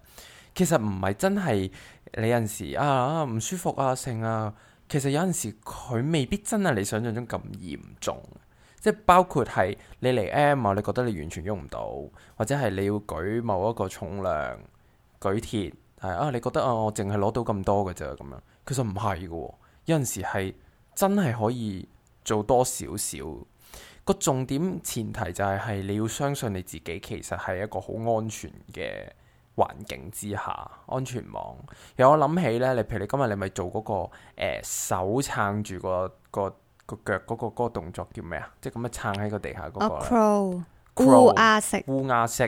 S1: 其實唔係真係你有陣時啊唔舒服啊性啊，其實有陣時佢未必真係你想像中咁嚴重，即係包括係你嚟 M 啊，你覺得你完全喐唔到，或者係你要舉某一個重量舉鐵，係啊，你覺得啊，我淨係攞到咁多嘅咋，咁樣，其實唔係嘅喎，有陣時係。真係可以做多少少個重點前提就係、係、係你要相信你自己，其實係一個好安全嘅環境之下，安全網。又我諗起咧，你譬如你今日你咪做嗰、嗰個、呃、手撐住、嗰個嗰、嗰個個腳嗰個嗰動作叫咩啊？即係咁樣撐喺個地下嗰、嗰個。A crow, crow 烏鴉式烏鴉式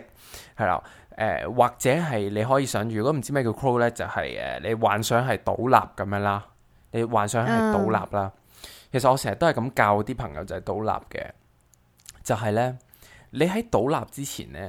S1: 係啦，誒、呃、或者係你可以想，如果唔知咩叫 crow 咧，就係誒你幻想係倒立咁樣啦，你幻想係倒立啦。其實我成日都係咁教啲朋友就係倒立嘅，就係、是就是、呢，你喺倒立之前呢，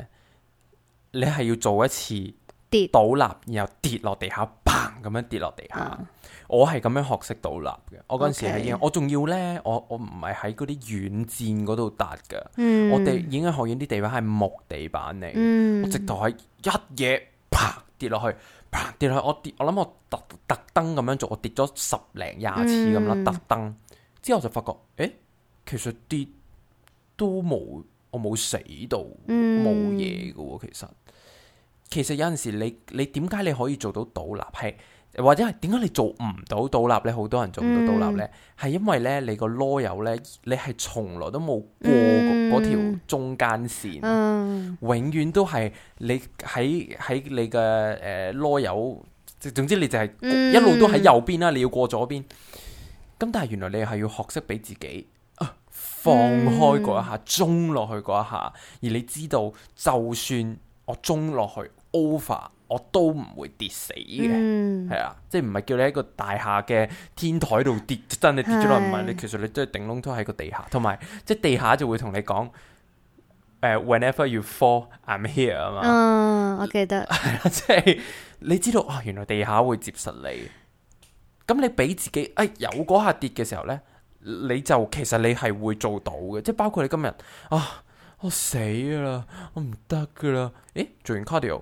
S1: 你係要做一次跌倒立，然後跌落地下，砰咁樣跌落地下，嗯。我係咁樣學識倒立嘅，Okay. 我嗰陣時已經，我仲要呢，我我唔係喺嗰啲軟墊嗰度搭噶，我哋、嗯、已經學完啲地板係木地板嚟，嗯，我直頭係一嘢啪跌落去，啪跌落去，我跌，我諗我特特登咁樣做，我跌咗十零廿次咁咯，特登。特之後就發覺，誒、欸，其實跌都冇，我冇死到，冇嘢噶。其實，其實有陣時你你點解你可以做到倒立，係或者係點解你做唔到倒立咧？好多人做唔到倒立咧，係、嗯、因為咧你個囉柚咧，你係從來都冇過嗰條、嗯、中間線，
S3: 嗯、
S1: 永遠都係你喺喺你嘅誒囉柚，總之你就係、是嗯、一路都喺右邊啦，你要過左邊。咁但係原來你係要學識俾自己啊放開嗰一下，衝落、嗯、去嗰一下，而你知道就算我衝落去 over，我都唔會跌死嘅，係啊、嗯，即係唔係叫你喺個大廈嘅天台度跌，真係跌咗落嚟。唔係你其實你真頂都係頂窿都喺個地下，同埋即係地下就會同你講，誒、uh,，whenever you fall，I'm here 啊嘛。嗯，
S2: 的我記得係
S1: 啦，即係你知道啊，原來地下會接實你。咁你俾自己，誒、哎、有嗰下跌嘅時候呢，你就其實你係會做到嘅。即係包括你今日啊，我死啦，我唔得㗎啦，誒，做完 cardio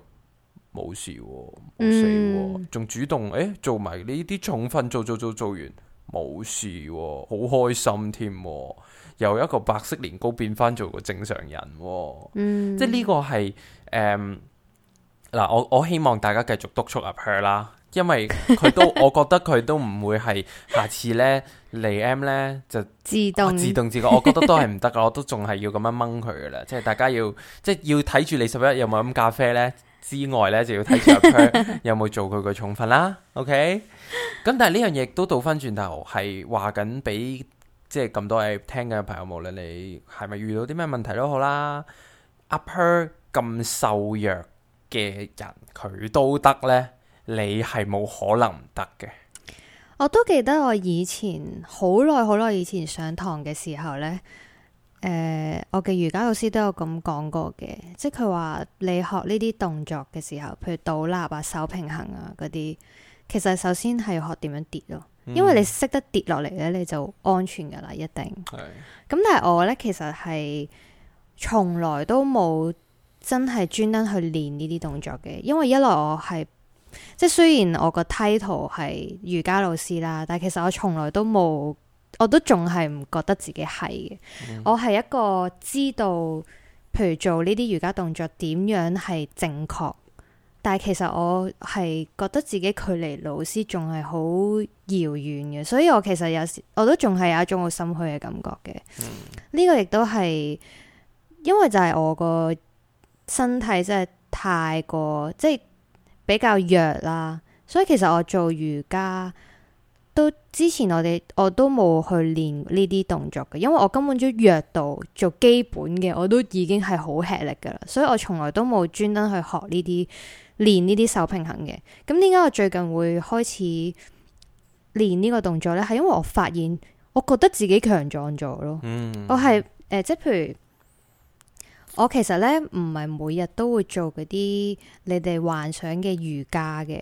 S1: 冇事，冇事，仲、嗯、主動誒做埋呢啲重訓，做做做做做，做完冇事，好開心添，由一個白色年糕變翻做個正常人，嗯，嗯，即係呢個係誒，嗱，我我希望大家繼續督促入去 h 啦。因為佢都， 我覺得佢都唔會係下次咧嚟 M 咧就自動，哦、自動自動自覺，我覺得都係唔得噶，我都仲係要咁樣掹佢噶啦。即係大家要即係要睇住你十一有冇飲咖啡咧之外咧，就要睇住阿 Per 有冇做佢個重訓啦。OK，咁但係呢樣嘢都倒翻轉頭係話緊俾即係咁多位聽嘅朋友有有，無論你係咪遇到啲咩問題好、 啊、都好啦，阿 Per 咁瘦弱嘅人佢都得咧。你係冇可能唔得嘅。
S2: 我都記得我以前好耐好耐以前上堂嘅時候呢，誒、呃，我嘅瑜伽老師都有咁講過嘅，即係佢話你學呢啲動作嘅時候，譬如倒立啊、手平衡啊嗰啲，其實首先係要學點樣跌咯，因為你識得跌落嚟呢，你就安全噶啦，一定。咁，嗯、但係我呢，其實係從來都冇真係專登去練呢啲動作嘅，因為一來我係。即係雖然我個 title 係瑜伽老師啦，但係其實我從來都冇，我都仲係唔覺得自己係嘅。Mm hmm. 我係一個知道，譬如做呢啲瑜伽動作點樣係正確，但係其實我係覺得自己距離老師仲係好遙遠嘅，所以我其實有時我都仲係有一種好心虛嘅感覺嘅。呢、mm hmm. 個亦都係因為就係我個身體真係太過即係。比較弱啦，所以其實我做瑜伽都之前我哋我都冇去練呢啲動作嘅，因為我根本就弱到做基本嘅，我都已經係好吃力噶啦，所以我從來都冇專登去學呢啲練呢啲手平衡嘅。咁點解我最近會開始練呢個動作呢？係因為我發現我覺得自己強壯咗咯，我係、呃、即係譬如。我其實咧唔係每日都會做嗰啲你哋幻想嘅瑜伽嘅，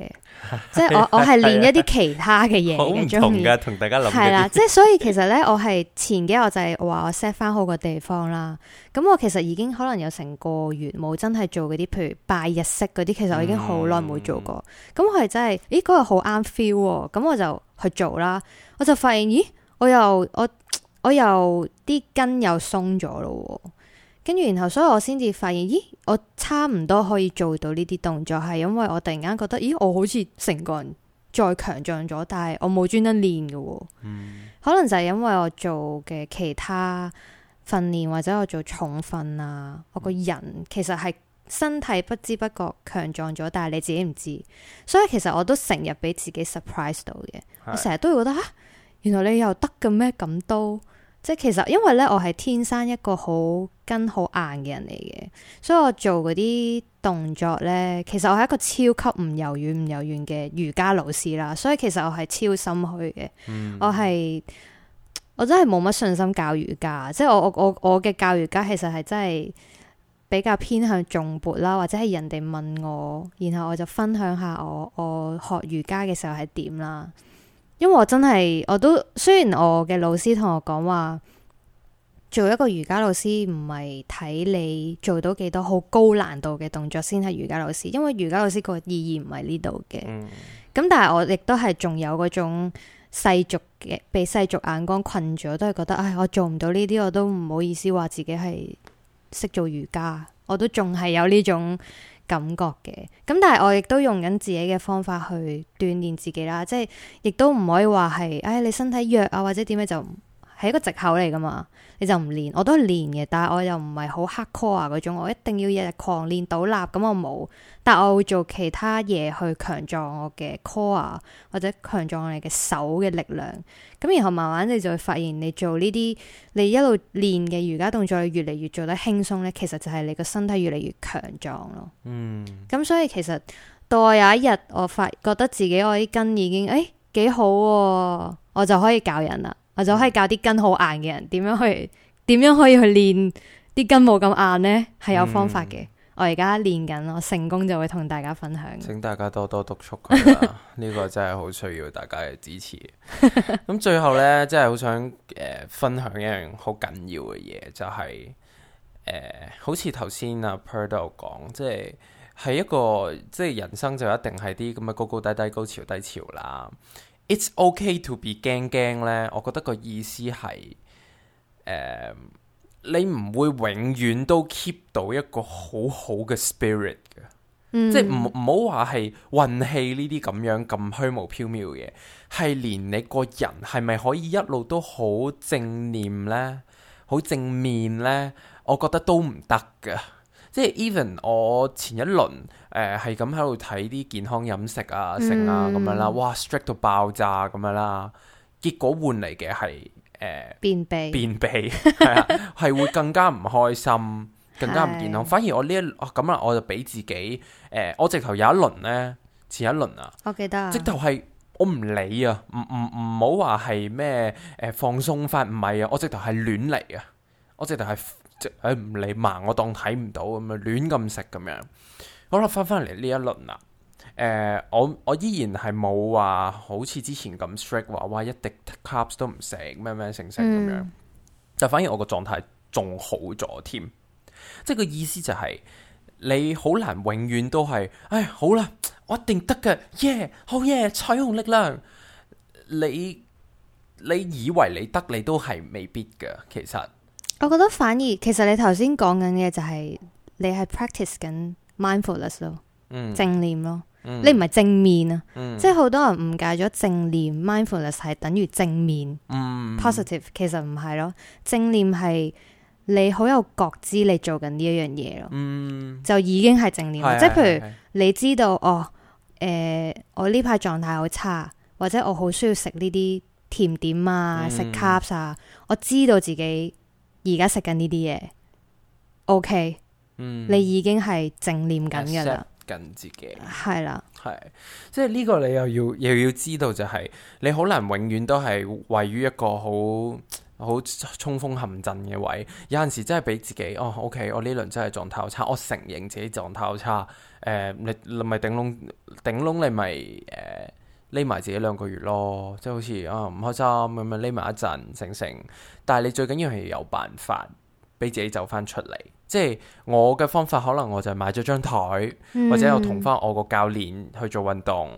S1: 即係我我係練一
S2: 啲其他嘅嘢。好唔同嘅，同
S1: 大家諗嘅係啦。即係
S2: 所以其實咧，我係前幾日就係話我 set 翻好個地方啦。咁我其實已經可能有成個月冇真係做嗰啲，譬如拜日式嗰啲。其實我已經好耐冇做過。咁、嗯嗯、我係真係，咦嗰個好啱 feel 咁，我就去做啦。我就發現，咦我又我我又啲筋又鬆咗咯。跟住，然後所以我先至發現，咦？我差唔多可以做到呢啲動作，係因為我突然間覺得，咦？我好似成個人再強壯咗，但係我冇專登練嘅。嗯、可能就係因為我做嘅其他訓練或者我做重訓啊，我個人其實係身體不知不覺強壯咗，但係你自己唔知。所以其實我都成日俾自己 surprise 到嘅。係我成日都會覺得吓、啊，原來你又得嘅咩？咁都即係其實，因為咧我係天生一個好。跟好硬嘅人嚟嘅，所以我做嗰啲動作咧，其實我係一個超級唔柔軟，唔柔軟嘅瑜伽老師啦，所以其實我係超心虛嘅、嗯，我係我真係冇乜信心教瑜伽，即係我我我我嘅教瑜伽其實係真係比較偏向重撥啦，或者係人哋問我，然後我就分享下我我學瑜伽嘅時候係點啦，因為我真係我都雖然我嘅老師同我講話。做一個瑜伽老師唔係睇你做到幾多好高難度嘅動作先係瑜伽老師，因為瑜伽老師個意義唔係呢度嘅。咁、嗯、但係我亦都係仲有嗰種世俗嘅被世俗眼光困住，我都係覺得唉，我做唔到呢啲，我都唔好意思話自己係識做瑜伽，我都仲係有呢種感覺嘅。咁但係我亦都用緊自己嘅方法去鍛煉自己啦，即係亦都唔可以話係唉，你身體弱啊或者點樣就。係一個藉口嚟噶嘛？你就唔練，我都係練嘅，但係我又唔係好黑 core 啊嗰種。我一定要日日狂練倒立咁，我冇，但我會做其他嘢去強壯我嘅 core 或者強壯我哋嘅手嘅力量。咁然後慢慢你就會發現，你做呢啲你一路練嘅瑜伽動作，越嚟越做得輕鬆咧，其實就係你個身體越嚟越強壯咯。嗯，咁所以其實到我有一日，我發覺得自己我啲筋已經誒，哎，幾好喎，我就可以教人啦。或者可以教啲筋好硬嘅人點樣去點樣可以去練啲筋冇咁硬呢？係有方法嘅。嗯、我而家練緊，我成功就會同大家分享。請
S1: 大家多多督促佢啦，呢 個真係好需要大家嘅支持。咁、 嗯、最後呢，真係好想誒、呃、分享一樣好緊要嘅嘢，就係、是、誒、呃，好似頭先阿 Per 都講，即係係一個即係人生就一定係啲咁嘅高高低低、高潮低潮啦。It's okay to be 驚驚咧，我覺得個意思係，誒、呃，你唔會永遠都 keep 到一個好好嘅 spirit 嘅，嗯、即係唔唔好話係運氣呢啲咁樣咁虛無縹緲嘅嘢，係連你個人係咪可以一路都好正念咧，好正面咧，我覺得都唔得噶。即係 even 我前一輪誒係咁喺度睇啲健康飲食啊食啊咁樣啦，哇 strict 到爆炸咁樣啦，結果換嚟嘅係誒
S2: 便秘便
S1: 秘係秘 啊係會更加唔開心，更加唔健康。是反而我呢一咁啊，我就俾自己誒、呃、我直頭有一輪呢，前一輪啊，啊，啊，
S2: 我記得直頭
S1: 係我唔理啊，唔唔唔好話係咩誒放鬆返，唔係啊，我直頭係亂嚟啊，我直頭係。即唔理埋，我當睇唔到咁樣，亂咁食咁樣。好啦，翻翻嚟呢一輪啦。誒、呃，我我依然係冇話好似之前咁 strict 話，哇一滴 cups 都唔食，咩咩成成咁
S3: 樣。
S1: 就反而我個狀態仲好咗添。即係個意思就係、是，你好難永遠都係，哎，好啦，我一定得嘅耶！好耶！彩虹力量。你你以為你得，你都係未必嘅，其實。
S2: 我覺得反而其實你頭先講緊嘅就係、是、你係 practice 緊 mindfulness 咯，正念咯。你唔係正面啊，即係好多人誤解咗正念 mindfulness 係等於正面 positive，其實唔係咯。正念係你好有覺知你做緊呢一樣嘢咯，嗯、就已經係正念。嗯、即係譬如你知道、嗯、哦、誒、呃，我呢排狀態好差，或者我好需要食呢啲甜點啊，食 cups 啊，我知道自己。而家食緊呢啲嘢，OK，、嗯、你已經係正念緊噶啦，
S1: 跟自己
S2: 係啦，
S1: 係了，即係呢個你又要又要知道就係、是，你好難永遠都係位於一個好好衝鋒陷陣嘅位，有陣時真係俾自己，哦、oh，，OK，我呢輪真係狀態好差，我承認自己狀態好差，誒、呃，你咪頂籠頂籠，頂你咪誒。呃匿埋自己兩個月咯，即係好似啊唔開心咁啊，匿埋一陣醒醒。但係你最緊要係有辦法俾自己走翻出嚟。即係我嘅方法，可能我就買咗張台，或者我同翻我個教練去做運動，誒、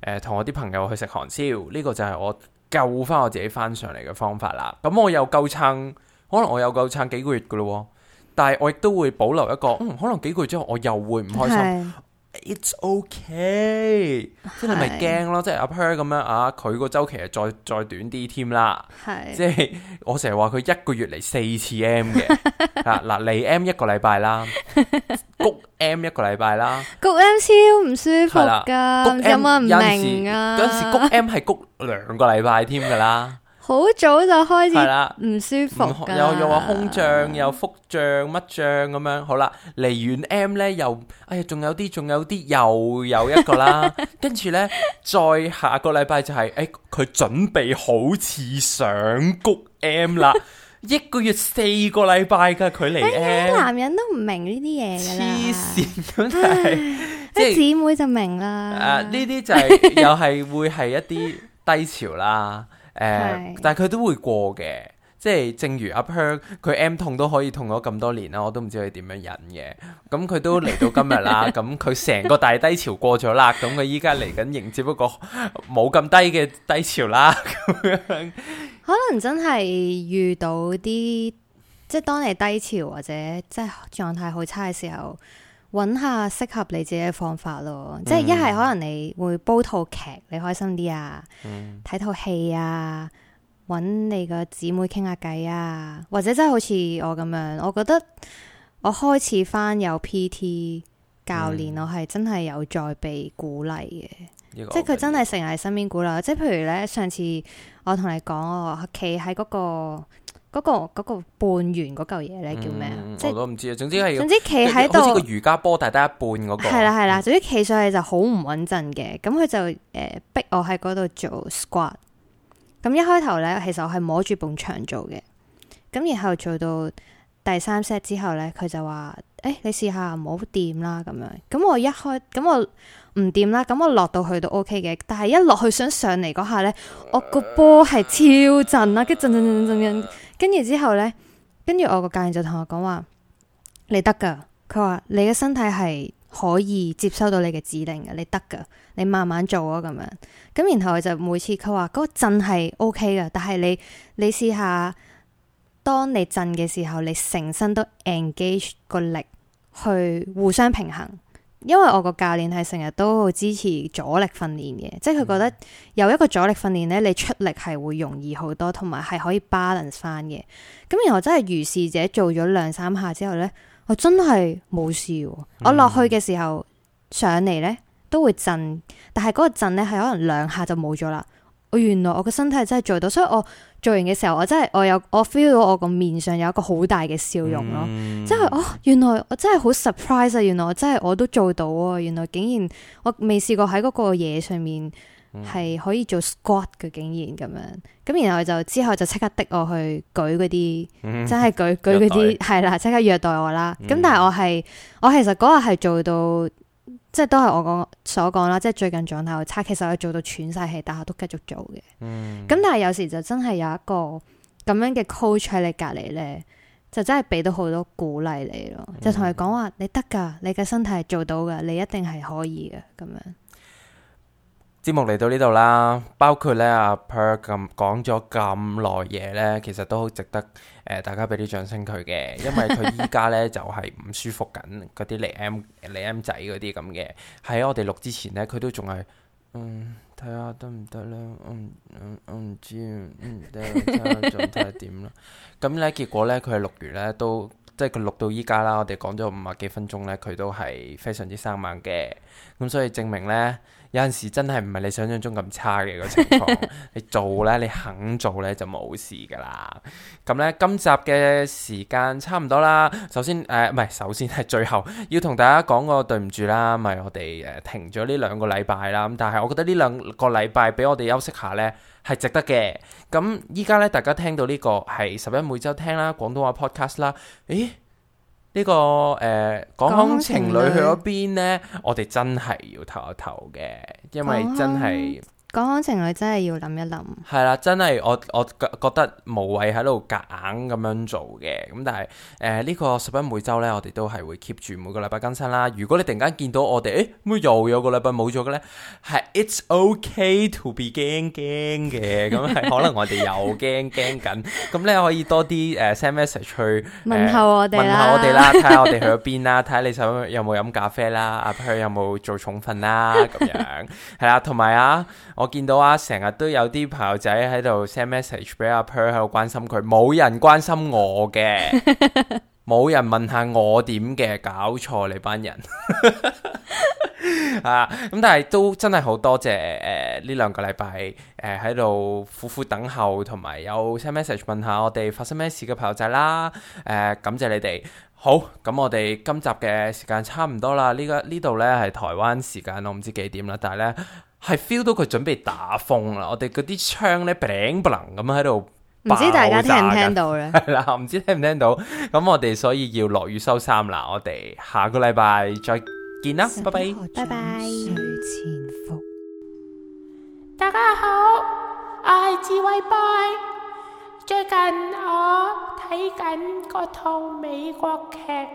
S1: 呃，同我啲朋友去食韓燒，呢、這個就係我救翻我自己翻上嚟嘅方法啦。咁我又夠撐，可能我又夠撐幾個月噶咯，但係我亦都會保留一個，嗯，可能幾個月之後我又會唔開心。It's okay， 是即係咪驚咯？是即係 up here 咁樣啊，佢個周期係再再短啲添啦。係，即係我成日話佢一個月嚟四次 M 嘅啊，嗱嚟 M 一個禮拜啦，谷 M 一個禮拜啦，
S2: 谷 M 超唔舒服噶，有冇唔明啊？有陣
S1: 時谷 M 係谷兩個禮拜添噶啦。
S2: 好早就開始唔舒服 又又
S1: 話胸脹，又腹脹，乜脹咁樣。好啦，嚟完 M 咧，又哎呀，仲有啲，仲有啲，又有一個啦。 跟住咧，再下個禮拜就係、是，誒、哎，佢準備好似上谷 M 啦， 一個月四個禮拜噶佢嚟。M，男
S2: 人都唔明呢啲嘢噶啦，痴線咁就係，唉哎、即姊妹就明啦。誒、呃，呢啲就係、是、又
S1: 係會係一啲低潮啦。誒，呃、是但係佢都會過嘅，即係正如阿 Per，h 佢 M 痛都可以痛咗咁多年啦，我都唔知佢點樣忍嘅。咁佢都嚟到今日啦，咁佢成個大低潮過咗啦，咁佢依家嚟緊迎接，只不過冇咁低嘅低潮啦。咁樣
S2: 可能真係遇到啲，即係當你低潮或者即係狀態好差嘅時候。搵下適合你自己嘅方法咯，嗯、即係一係可能你會煲套劇，你開心啲啊，睇套戲啊，搵你個姊妹傾下偈啊，或者真係好似我咁樣，我覺得我開始翻有 PT 教練，嗯、我係真係有再被鼓勵嘅，嗯、即係佢真係成日喺身邊鼓勵。即係譬如咧，上次我同你講我企喺嗰個。嗰、嗰個、嗰個半圓嗰嚿嘢咧叫咩、嗯？我都唔
S1: 知。總之係總之企喺度，好似個瑜伽波，大得一半嗰、嗰個係啦
S2: 係啦。總之企上去就好唔穩陣嘅。咁佢就誒、呃、逼我喺嗰度做 squat。咁一開頭咧，其實我係摸住埲牆做嘅。咁然後做到第三 set 之後咧，佢就話誒、欸、你試下唔好掂啦。咁樣咁我一開咁我唔掂啦。咁我落到去都 OK 嘅，但係一落去想上嚟嗰下咧，我個波係超震啦，跟住震震震震震。呃呃呃呃呃跟住之後呢，跟住我個教練就同我講話：你得噶。佢話你嘅身體係可以接收到你嘅指令嘅，你得噶，你慢慢做啊，咁樣。咁然後就每次佢話嗰個震係 OK 噶，但係你你試下，當你震嘅時候，你成身都 engage 個力去互相平衡。因為我個教練係成日都好支持阻力訓練嘅，即係佢覺得有一個阻力訓練咧，你出力係會容易好多，同埋係可以 balance 翻嘅。咁然後真係如是者做咗兩三下之後咧，我真係冇事。嗯、我落去嘅時候上嚟咧都會震，但係嗰個震咧係可能兩下就冇咗啦。我、哦、原來我個身體係真係做到，所以我做完嘅時候，我真係我有我 feel 到我個面上有一個好大嘅笑容咯，嗯、即係哦，原來我真係好 surprise 啊，原來我真係我都做到，啊。原來竟然我未試過喺嗰個嘢上面係可以做 squat 嘅，竟然咁樣，咁然後就之後就即刻的我去舉嗰啲，嗯、真係舉舉嗰啲係啦，即刻虐待我啦，咁、嗯、但係我係我其實嗰日係做到。即係都係我講所講啦，即係最近狀態好差，其實我做到喘晒氣，但係都繼續做嘅。咁、嗯、但係有時就真係有一個咁樣嘅 coach 喺你隔籬咧，就真係俾到好多鼓勵你咯，嗯、就同佢講話你得噶，你嘅身體係做到噶，你一定係可以嘅咁樣。
S1: 節目嚟到呢度啦，包括咧阿 Per 咁講咗咁耐嘢咧，其實都好值得誒、呃、大家俾啲掌聲佢嘅，因為佢依家咧就係唔舒服緊，嗰啲嚟 M 嚟 M 仔嗰啲咁嘅。喺我哋錄之前咧，佢都仲係，嗯，睇下得唔得咧？嗯，唔我唔知，唔得仲睇下狀態點啦。咁咧、嗯、 結果咧，佢係錄完咧都，即係佢錄到依家啦。我哋講咗五十幾分鐘咧，佢都係非常之生猛嘅。咁所以證明咧。有陣時真係唔係你想象中咁差嘅個情況， 你做呢，你肯做呢，就冇事噶啦。咁呢，今集嘅時間差唔多啦。首先誒，唔係，首先係最後要同大家講個對唔住啦，咪我哋誒停咗呢兩個禮拜啦。咁但係我覺得呢兩個禮拜俾我哋休息下呢係值得嘅。咁依家呢，大家聽到呢個係十一每周聽啦，廣東話 podcast 啦，誒。.呢、這個誒，港、呃、腔情侶去咗邊咧？我哋真係要唞一唞嘅，因為真係。
S2: 講講情侶真係要諗一諗，
S1: 係啦，真係、呃這個、我我覺覺得無謂喺度夾硬咁樣做嘅，咁但係誒呢個十一每周呢我哋都係會 keep 住每個禮拜更新啦。如果你突然間見到我哋，誒、欸，咁又有個禮拜冇咗嘅呢？係 It's okay to be 驚驚嘅，咁係 可能我哋又驚驚緊，咁咧 可以多啲誒 send message 去、呃、問候我哋啦，問候我哋啦，睇下我哋去咗邊啦，睇下你想有冇飲咖啡啦，阿、啊、佢有冇做重訓啦，咁樣係啦，同埋啊。 我見到啊，成日都有啲朋友仔喺度 send message 俾阿 Per 喺度關心佢，冇人關心我嘅，冇 人問下我點嘅，搞錯你班人 啊！咁但係都真係好多謝誒呢、呃、兩個禮拜誒喺度苦苦等候，同埋有 send message 問下我哋發生咩事嘅朋友仔啦。誒、呃，感謝你哋。好，咁我哋今集嘅時間差唔多啦。呢個呢度呢係台灣時間，我唔知幾點啦，但係呢。係 feel 到佢準備打風啦，我哋嗰啲窗咧砰砰咁喺度，
S2: 唔知大家聽唔 聽到
S1: 咧？係啦，唔知聽唔聽到？咁我哋所以要落雨收衫啦。我哋下個禮拜再見啦，拜拜，拜拜 bye。前大家好，我係智慧 boy，最近我睇緊嗰套美國劇《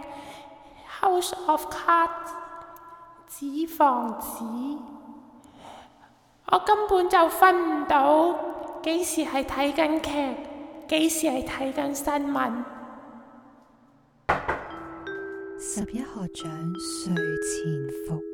S1: House of Cards》，紙房子。我根本就分唔到幾時係睇緊劇，幾時係睇緊新聞。
S2: 拾壹學長睡前服。